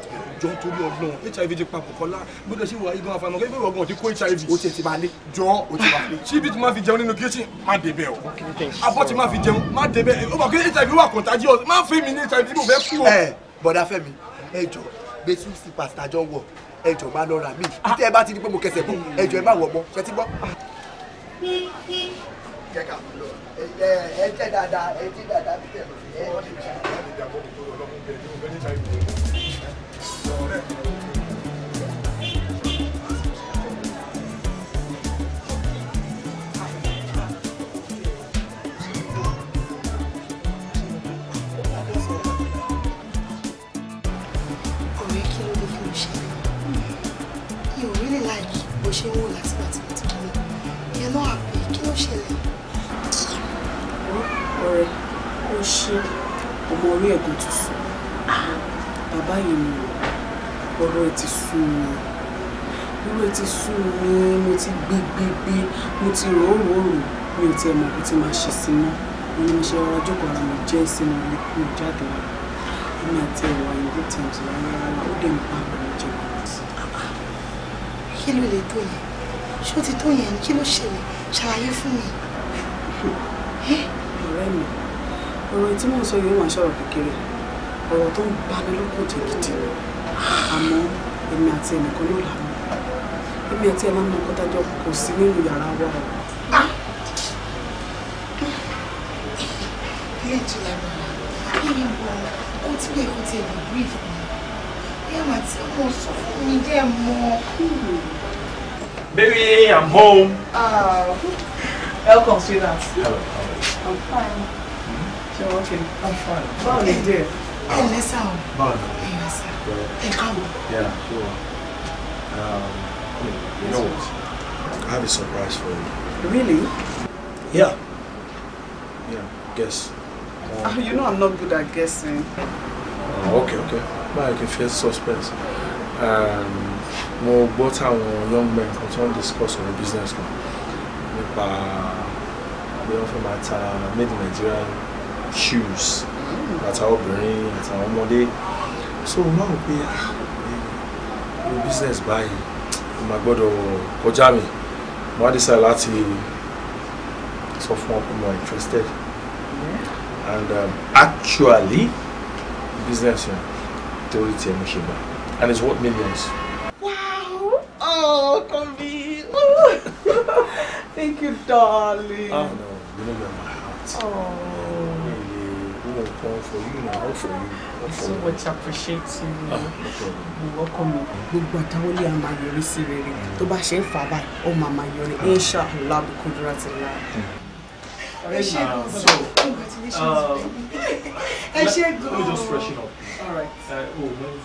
jọ torí ọlọ́run hiv ti pa Bùkọ́lá bí ó ṣe wà igun àfàmọ́ kí ìbéèrè ọgbọ̀n ti kó hiv. o ti ti máa lé. jọ o ti máa lé. ṣíbi tí máa fi jẹun nínú kíchìn má débẹ̀ o abọ́ ti máa fi jẹun má débẹ̀ o mọ̀ kí hiv wà contagious má fẹ́ mi ní hiv mo fẹ́ kú o. ẹ bọ̀dá Fẹ́mi ẹ jọ gbé sí pásítà jọ wọ̀ ẹjọ bá lọ rà mí títẹ ẹ bá ti di pé mo kẹsẹ̀ bọ̀ ẹjọ ẹ bá wọ̀ bọ̀ ṣe ti gbọ́. jẹ́ ká lọ ẹ jẹ́ dáadáa ẹ jẹ́ dáadáa bí tẹ̀ lọ sí ẹ. mo ṣe ń wò látìgbà tí mo ti wọlé yẹn náà àbí kí ló ṣẹlẹ̀. ọ̀rẹ́ ó ṣe ọmọ orí ẹ̀gùn ti sùn ah. bàbá yìí ni ọ̀rọ̀ ẹ̀ ti sùn wọn irú ti sú mi mo ti gbé gbé gbé mo ti rò ó rò ó rò mi ò tiẹ̀ mọ̀ kó ti máa ṣe sí mọ́ wọn ni mo ṣe ọ̀rọ̀ ọjọ́ kan mo jẹ́ sínú ilé kí mo jáde wá èmi àti ẹ̀wà ìlú times rárá ó dẹ̀ ń pa mi kí ló lè tó yẹn ṣé ó ti tó yẹn kí ló ṣẹlẹ̀ ṣàlàyé fún mi. ọ̀rẹ́ mi ọ̀rọ̀ tí mò ń sọ yìí ó máa ṣọ̀rọ̀ kékeré ọ̀rọ̀ tó ń bani lọ́kàn jẹ́ gidi àmọ́ èmi àti ẹnìkan náà là mọ́ èmi àti ẹ̀ máa mọ ọkọ tájọ kò sí nínú yàrá wa o. Ah! ilé ìtura bàbá kí ni bọ̀ kó tí lè kó tiẹ̀ àti ọmọ sọ fún mi dẹ́ mọ́. Hmm. Baby, I'm home. Oh. Welcome, sweetheart. Hello, how are you? I'm fine. Mm -hmm. You're working? I'm fine. Báwo are you doing? Ah. Hey, o. Báwo Hey, Ẹ Hey, Ẹ Yeah, sure. Um, you know what? I have a surprise for you. Really? Yeah. Yeah, guess. Ah, um, you know I'm not good at guessing. Oh, okay, okay. But I can feel suspense. Um, mo gbọ́ táwọn young men kan tó ń discuss ọ̀rọ̀ business kan nípa bí wọ́n fẹ́ máa ta made in Nigeria shoes àtàwọn obìnrin àtàwọn ọmọdé so wọ́n rò pé ah business báyìí mo máa gbọ́dọ̀ kọjá mi mo á decide láti sọ fún wọn mo interested and um, actually business yẹn torí tiẹ̀ mo ṣe gbà and it's worth millions. Thank you, darling. Oh, no. You know you're my heart. Oh. Really, who will come for you now? All for you. All for so you. much appreciate you. Oh, no problem. welcome. Gbogbo àtàwọlé a máa yọrí sí rere. Tó bá ṣe ń fà báyìí, ó máa máa yọrí. Ah. Inshallah, bí kúndúrà ti lára ẹ ṣe gan so um, ẹ ṣe Let me just freshen up.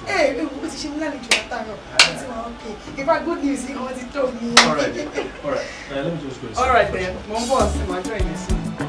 ẹ ẹ o ti ṣe mí lálejò látàárọ̀ o ti wà ok if i good news yìí wọ́n ti tó mi. all right all right uh, let me just go. all right then mo boss, bọ̀ sí wájú ẹ̀yìn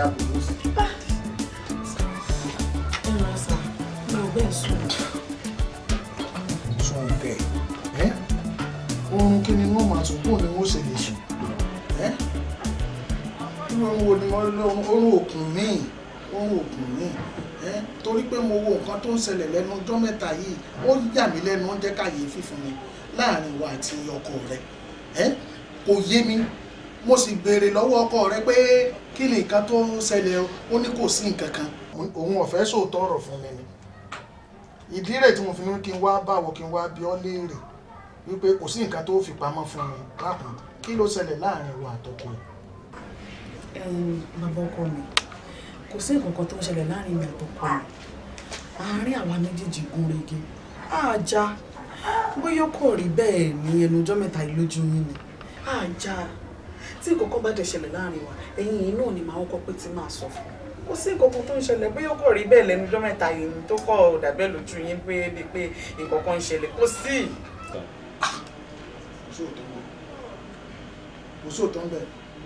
ìyá àbúrò sí. Ah. ẹ ràn sà mi ò bẹ́ẹ̀ sùn. sùn kẹ ẹ oorun kí ni wọn máa sùn kúrò ní wọn ṣe lè sùn ẹ oorun wo ni wọn lé oorun òkun míì oorun òkun míì ẹ torí pé mo wo nǹkan tó ń ṣẹlẹ̀ lẹ́nu ọjọ́ mẹ́ta yìí ó yà mí lẹ́nu ó jẹ́ káyé fífún mi láàrin ìwà àti ọkọ rẹ ẹ kò yé mi mo sì béèrè lọ́wọ́ ọkọ rẹ pé kí ni nǹkan tó ń ṣẹlẹ̀ ó ní kò sí nǹkan kan. òun ọ̀fẹ́ sòótọ́ ọ̀rọ̀ fún mi ni ìdí rẹ̀ tí mo fi ní kí n wá báwo kí n wá bi ọ́ léèrè wípé kò sí nǹkan tó fi pamọ́ fún mi lákùn kí ló ṣẹlẹ̀ láàrin ìwà àtọkọ ẹ̀. bàbá ọkọ mi kò sí nǹkan kan tó ń ṣẹlẹ̀ láàrin mi àtọkọ mi àárín àwa méjèèjì gún régé àjà bóyá kò rí bẹ́ẹ̀ ní ẹnu ọjọ́ mẹ́ta ìlójú yín ni àjà tí nǹkan bá dẹ̀ ṣẹlẹ̀ láàrin wa ẹ̀yin yìí náà ni màá kọ́ pé ti máa sọ fún kò sí nǹkan tó ń ṣẹlẹ̀ bóyá ó kò rí bẹ́ẹ̀ lẹ́nu ọjọ́ mẹ́ta yìí tó kọ̀ dàbẹ́ lójú yín pé bíi pé nǹkan kan ń ṣẹlẹ̀ kò sí. kò sóòótọ́ ń bẹ̀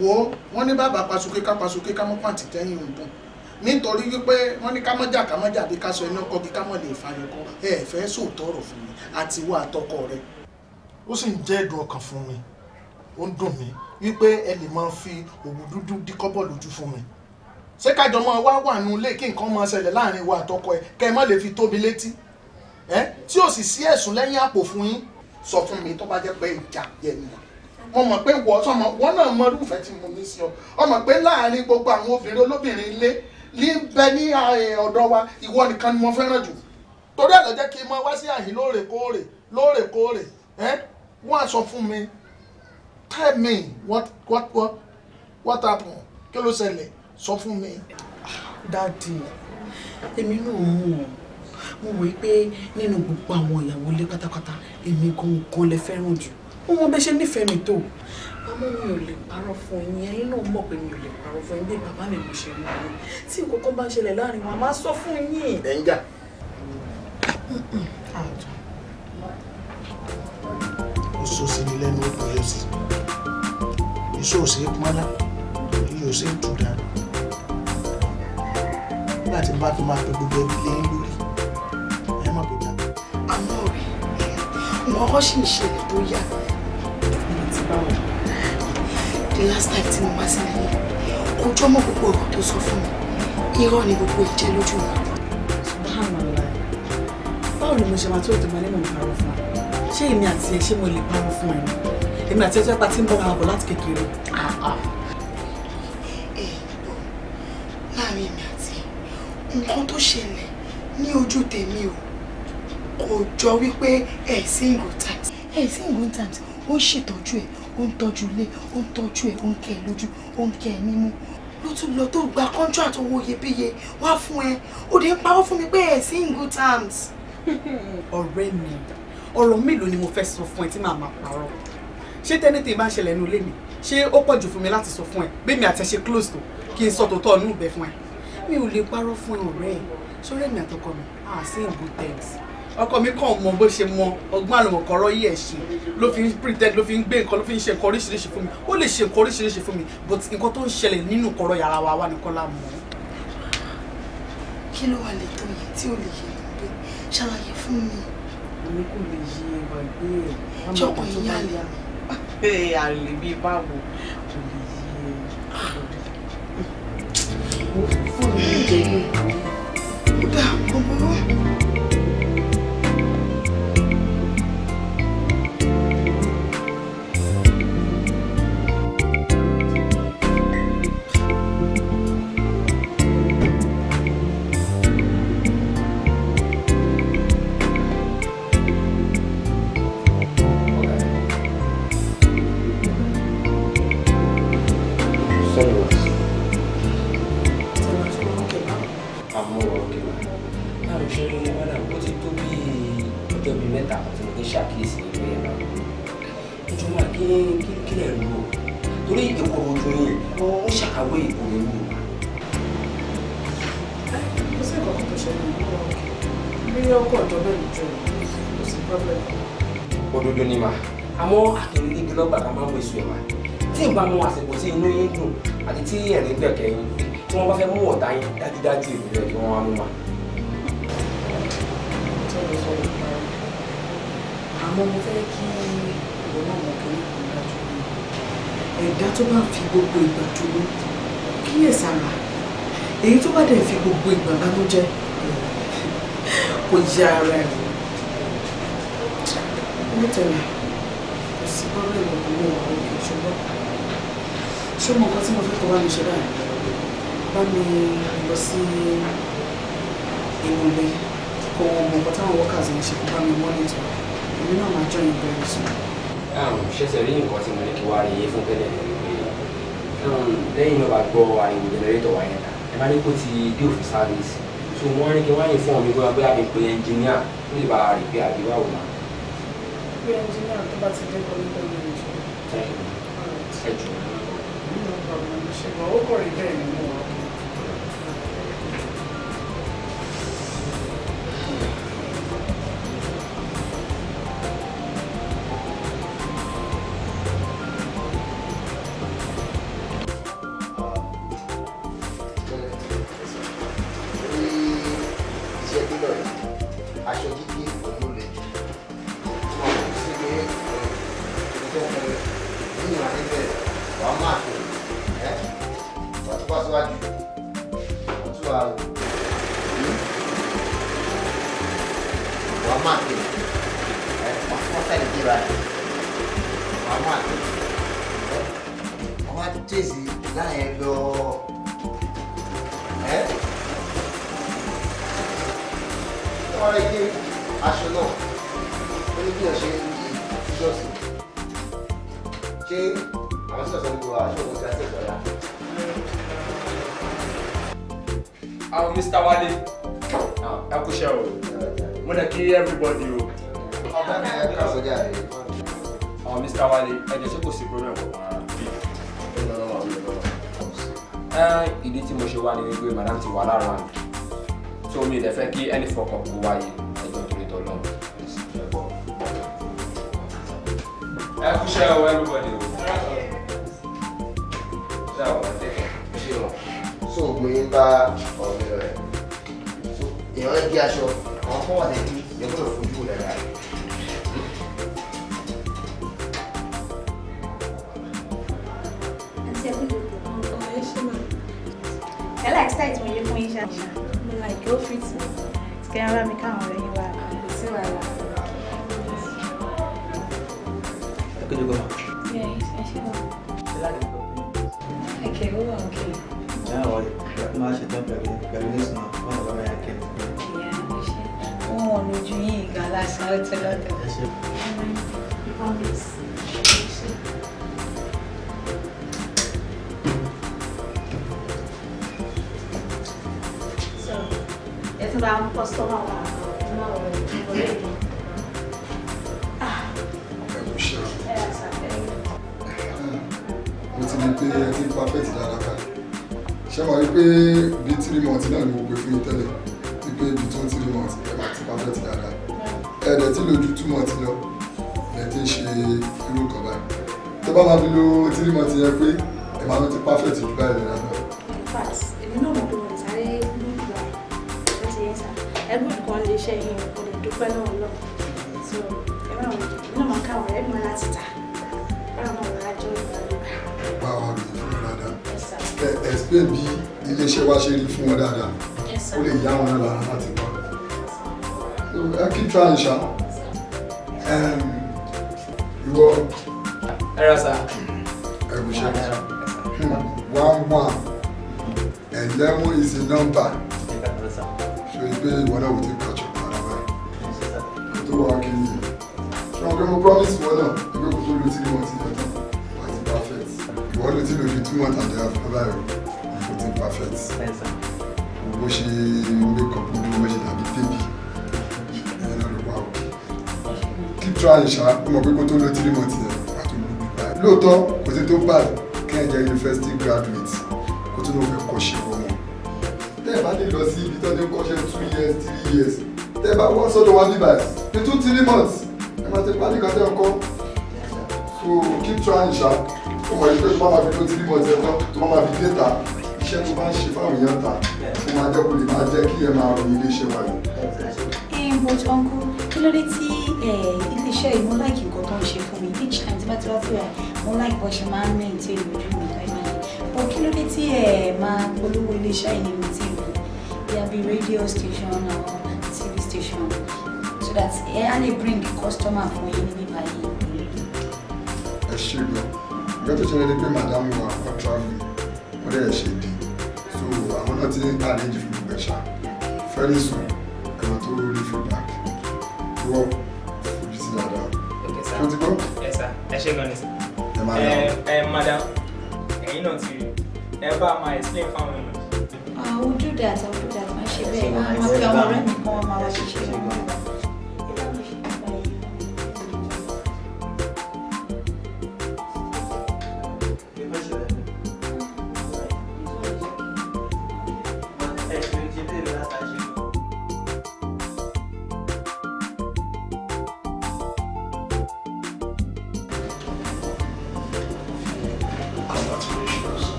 wo wọ́n ní bàbá pasuke ká pasuke ká mọ́ pàǹtí tẹ́yìn òǹdùn nítorí wípé wọ́n ní ká mọ́ jà ká mọ́ jà bí ká sọ iná kọ́gi ká mọ́ lè fààyàn kọ́ ẹ fẹ́ sóòótọ́ ọ̀rọ̀ fún mi àti ìwọ àtọkọ rẹ. ó sì ń jẹ́ ẹ̀dùn ọkàn fún mi ó ń dùn mí wípé ẹ lè máa fi òwú dúdú dí kọ́bọ̀ lójú fún mi ṣé kájọ máa wá wà nù lé kí nǹkan máa ṣẹlẹ̀ láàrin wa àtọkọ ẹ kẹ ẹ má lè fi tóbi létí ẹ tí ò sì sí ẹ̀sùn lẹ́yìn àpò fún yín sọ fún mi tó bá jẹ́ pé ìjà yẹ nìyà mo mọ̀ pé wọ́n sọmọ wọ́n náà mọ irúfẹ́ tí mo ní sí ọ ọmọ pé láàrin gbogbo àwọn obìnrin olóbìnrin ilé ní bẹ ní ọ̀dọ̀ wa ìwọ nìkan ni mo fẹ́ràn jù torí ẹ̀ ló jẹ́ kí n máa wá sí àyín lóòrèkóòrè lóòrèkóòrè ẹ wọ́n á sọ fún mi tell me what what what what happened? kí ló ṣẹlẹ̀ sọ fún mi. dáàdì èmi náà mú un mo wòye pé nínú gbogbo àwọn ìyàwó ilé pátápátá èmi gangan lè fẹ́ràn jù mo mọ bẹ́ẹ̀ ṣe nífẹ̀ẹ́ mi tó àmọ́ mi ò lè parọ́ fún yín ẹ̀yin náà mọ̀ pé mi ò lè parọ́ fún yín bí bàbá mi mo ṣe mú yín tí nǹkan kan bá ń ṣẹlẹ̀ láàrin wa máa sọ fún yín. ẹ ń jà èso sí ni lẹ́nu ó kọyọ sí èso ò sí pọ́nlá èyí ò sí tù dànù nígbà tí bá fi máa pe gbogbo ẹbí lé lórí ẹ má gbéjà. àmọ́ rẹ̀ lọ́wọ́ sì ń ṣẹlẹ̀ tó yá ní ti bá wọn. the last time tí mo wá sí ilé kò jọ́ mọ́ gbogbo ọ̀rọ̀ tó sọ fún mi irọ́ ni gbogbo ìjẹ́ lójú mi. báwo ni mo ṣe máa tó ìtàn mọ́lẹ́mọ̀ ìparọ́ fún ṣé èmi àti ẹ ṣé mo lè parọ́ fún ẹ èmi àti ẹ tó yẹ pa tí ń bọ́ra ọkọ̀ láti kékeré. Ah, ah. Eh, láàrin èmi àti nǹkan tó ṣẹlẹ̀ ní ojú tèmi o kò jọ wípé ẹ̀ single times ẹ̀ single times ó ń ṣètọ́jú ẹ̀ ó ń tọ́jú ilé ó ń tọ́jú ẹ̀ ó ń kẹ́ ẹ lójú ó ń kẹ́ ẹ nímú ló tún lọ tó gba contract owó iyebíye wá fún ẹ ó ń parọ́ fún mi pé ẹ̀ single times. ọ̀rẹ́ mi ọ̀rọ̀ mélòó ni mo fẹ́ sọ fún ẹ tí màá máa parọ́ ṣé tẹ́nìtì máa ń ṣẹlẹ̀ ní ilé mi ṣé ó pọ̀ jù fún mi láti sọ fún ẹ bẹ́ẹ̀ mi àti ẹ ṣe close to. kí n sọ tòótọ́ ọ̀nù ìbẹ́ fún ẹ mi ò lè parọ́ fún ọ̀rẹ́ ẹ sórí èmi àtọkọ mi à sí in good terms ọkọ mi kàn mọ bó ṣe mọ ọgbọ́n àlùmọ̀kọ́rọ́ yìí ẹ̀ ṣe ló fi ń pretend ló fi ń gbé nǹkan ló fi ń ṣe nǹkan oríṣiríṣi fún mi ó lè ṣe nǹkan oríṣiríṣi fún but nǹkan tó ń ṣẹlẹ̀ nínú kọ̀rọ̀ yàrá wa wà nìkan la mọ̀. kí ló wà lè tó yìí tí ò lè yẹ èmi kò lè yí ìgbàgbé ẹ̀ ọmọ tó bá yá ẹ̀ àlè bíi báwo kò lè yí ẹ̀ fún mi ìjẹ́ yìí. bá mú àsìkò tí inú yín dùn àti tí ẹ̀rín gbẹ̀kẹ̀ yín tí wọ́n bá fẹ́ mú ọ̀tá yín dájúdájú ìrìnlẹ̀ kí wọ́n wá mú wa. àmọ́ mo fẹ́ kí ìwọ náà mọ̀ kí wọ́n dájú ẹ̀dá tó bá fi gbogbo ìgbà dúró kíyèsára èyí tó bá dẹ̀ fi gbogbo ìgbà bánújẹ́ kò yẹ ara ẹ̀ nítorí kò sí bọ́ọ̀lù ìwọ̀n ìwọ̀n ìṣùgbọ́n ṣé mo nǹkan tí mo fẹ́ kó wá mi ṣe báyìí bá mi lọ sí ìwọ̀nbe kó wọn mọ táwọn workers ń ṣe kó bá mi mọ́nítọ̀ èmi náà máa jọ ìbẹ̀rẹ̀ rẹ̀ sùn. ṣẹ̀ṣẹ̀ rí nǹkan tí mo ní kí wá rí iye fún tẹ́lẹ̀ pé lẹ́yìn náà bá gbọ́ ariwo jẹnẹrétọ̀ wáyé ta ẹ bá ní kó ti dé òfin sáfíìsì tó wọ́n ní kí wọ́n yìn fún ọ̀mí gbọ́dọ̀ bóyá mi pe ẹnjìníà tó lè bá rí pé àbí wà wò náà. bí ẹnjìníà tó bá ti dé kọ́ nípa ìrìn àjò. well, we've already came in ẹ láì ṣáà tí mo yẹ fún yín ṣáà mo máa ìkẹ́ ó fìtì kẹ́ ara mi káwọn ọ̀rẹ́ yín wà kò sí wàhálà. ẹ kó jókòó. ẹ ṣe wà. ẹ kẹ́ ó wà òkè. Yeah, well, now she done pregnant. Pregnant now. One of my kids. Yeah, she. Oh, no, you ain't got last night. It's a lot. Yes, she. Promise. tún ra kọ́sítọ́mà wa. mo ti ní pé ẹ ti ń pa pẹ́ẹ́tì dára ká ṣé wàá rí pé bíi three months náà ni mo gbé fún yín tẹ́lẹ̀ ti pé bíi twenty three months ẹ máa ti pa pẹ́ẹ́tì dára ẹ dẹ̀ ti lójú two months lọ ẹ ti ń ṣe irú nǹkan báyìí tó bá máa fi lo three months yẹn pé ẹ máa ti pa pẹ́ẹ́tì jù báyìí lọ. iṣẹ́ yìí kò lè dúpẹ́ lọ́wọ́ lọ so ẹ bá wọn mi náà máa káwọn ọ̀rẹ́ mi máa láti tà báwọn náà wọ́n á jẹ́ ìgbàlódé. bá wa lò fún wọn dáadáa ẹ explain bí iléeṣẹ́ wa ṣe rí fún wọn dáadáa ó lè yá wọn lára láti gbọ́ ẹ kí tí wàá ṣá ìwọ. ẹ ra ẹ kò ṣe hmm, one one eleven is a number ṣe pé ìwọ náà wò ti kọ́ ló wá kí ni ṣùgbọ́n pé mo promise wọn náà pé kò tó lo three months ìjọ tán wà ti perfect ìwọ ló ti lo ju two months àti half an hour kò ti perfect bó ṣe make up gbogbo bó ṣe dàbí baby ìyẹn náà ló wà òkè keep trying ṣá ó mọ̀ pé kó tó lo three months yẹn wà á tó lo bíbá lóòótọ́ kò sí tó bá kẹ́hìn jẹ́ university graduate kó tó ló fẹ́ kọ́ ṣe ọmọ tẹ́ẹ̀ bá lè lọ sí ibi tó ti ń kọ́ṣẹ́ two years three years tẹ́ bá wọ́n sọ́dọ̀ wá bíbá ẹ̀ ní two three months ẹ máa ti parí kan tẹ́ ọkọ́ so keep trying ṣá ó mọ̀ ìgbésẹ̀ tó bá máa fi two three months ẹ̀ tó bá máa fi dé ta iṣẹ́ tó bá ń ṣe fáwọn èèyàn ta ó máa jẹ́ kó lè máa jẹ́ kí ẹ máa ròyìn ilé iṣẹ́ wa yìí. but uncle kí ló dé tí ilé yìí mo láìkì nǹkan tó ń ṣe fún mi each time tí bá ti wá sí rẹ̀ mo láìkì bó ṣe máa ń rìn tí èlò ojú mi ká ìmọ̀ yìí kí ló dé tí ẹ máa polówó ilé yìí ní ti ìlú yàbí that eh, ẹ á lè bring customer fún yín níbí báyìí. ẹ ṣe lọ ìgbà tó ṣẹlẹ̀ ni pé madam wa wà traveling. What dẹ̀ ṣe dé so àwọn náà ti ń arrange fún gbogbo ẹ̀ṣá very soon I want to feedback wọ́ ibi tí dáadáa. ó ti gbọ́. ẹ sá ẹ ṣe gan ni sá. ẹ máa yà madam ẹ̀yin náà ti rí ẹ bá máa explain fáwọn èèyàn. I ah, will do that. I will do that. My shebe. I'm happy. I'm already. I'm already.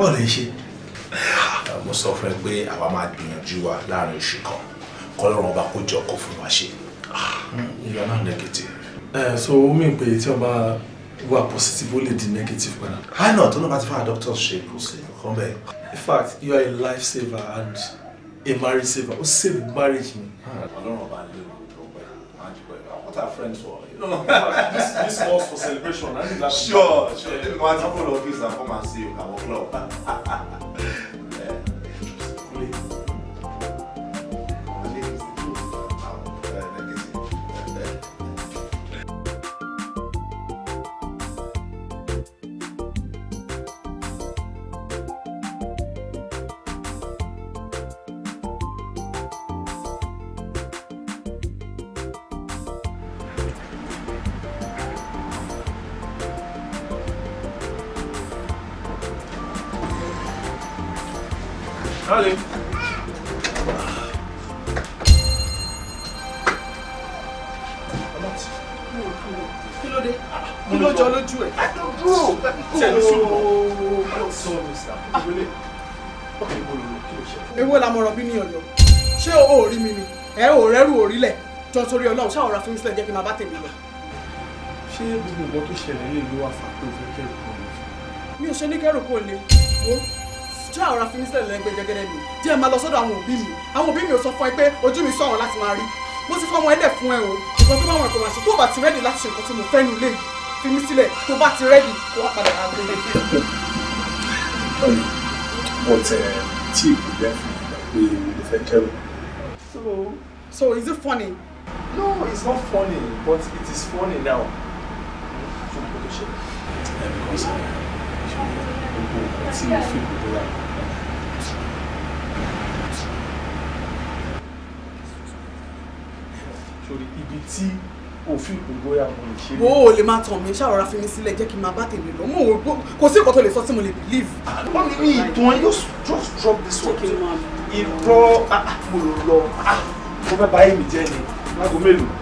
bọ́ọ̀lù ẹ̀ ṣe. Ah, mo sọ fún ẹ pé àwa máa gbìyànjú wa láàrin oṣù kan kọ́lọ́run ọba kó jọ ọkọ̀ fún wa ṣe. Ah, ìyá náà negative. ẹ so ó mì pé tí ọba wà positive ó lè di negative padà. i know tó náà bá ti fún our doctor ṣe kò sí bẹ́ẹ̀. in fact you are a life saver and a marriage saver ó save marriage mi. Ah, ọlọ́run ọba lè rò ó pẹ́ máa jù pẹ́ what are friends for. this, this calls for celebration. Sure, sure. If you to pull office and come and see you, club. torí ọlọ́run ṣáà ọ̀rọ̀ fún mi jẹ́ kí n máa bá tèmi lọ. ṣé gbogbo nǹkan tó ṣẹlẹ̀ lè ló wà fàtó fẹ́ kẹ́rù kọ́ mi. mi ò ṣe ní kẹ́rù kó le wo ṣáà ọ̀rọ̀ fún mi lẹ́gbẹ̀ẹ́ jẹ́gẹ́dẹ́ mi jẹ́ máa lọ sọ́dọ̀ àwọn òbí mi àwọn òbí mi ò sọ fún ẹ pé ojú mi sọ̀rọ̀ láti máa rí mo ti fọmọ ẹlẹ fún ẹ o nǹkan tó bá so so is it funny No, it's not funny, but it is funny now. Because gbogbo tí mo fi gbogbo rà. Sori ibi tí òfin gbogbo rà mo lè ṣe. Wo o lè máa tàn mí ṣàrọ̀ra fi mi sílẹ̀ jẹ́ kí n máa bá tèmi lọ. Mo ò kò sí nǹkan tó lè sọ tí mo lè believe. Wọ́n mi ní ìtàn yóò just drop this one. Ìtọ́ ah, ah, mo lò lọ, ah, mo fẹ́ bá èmi jẹ́ ni. Pago tá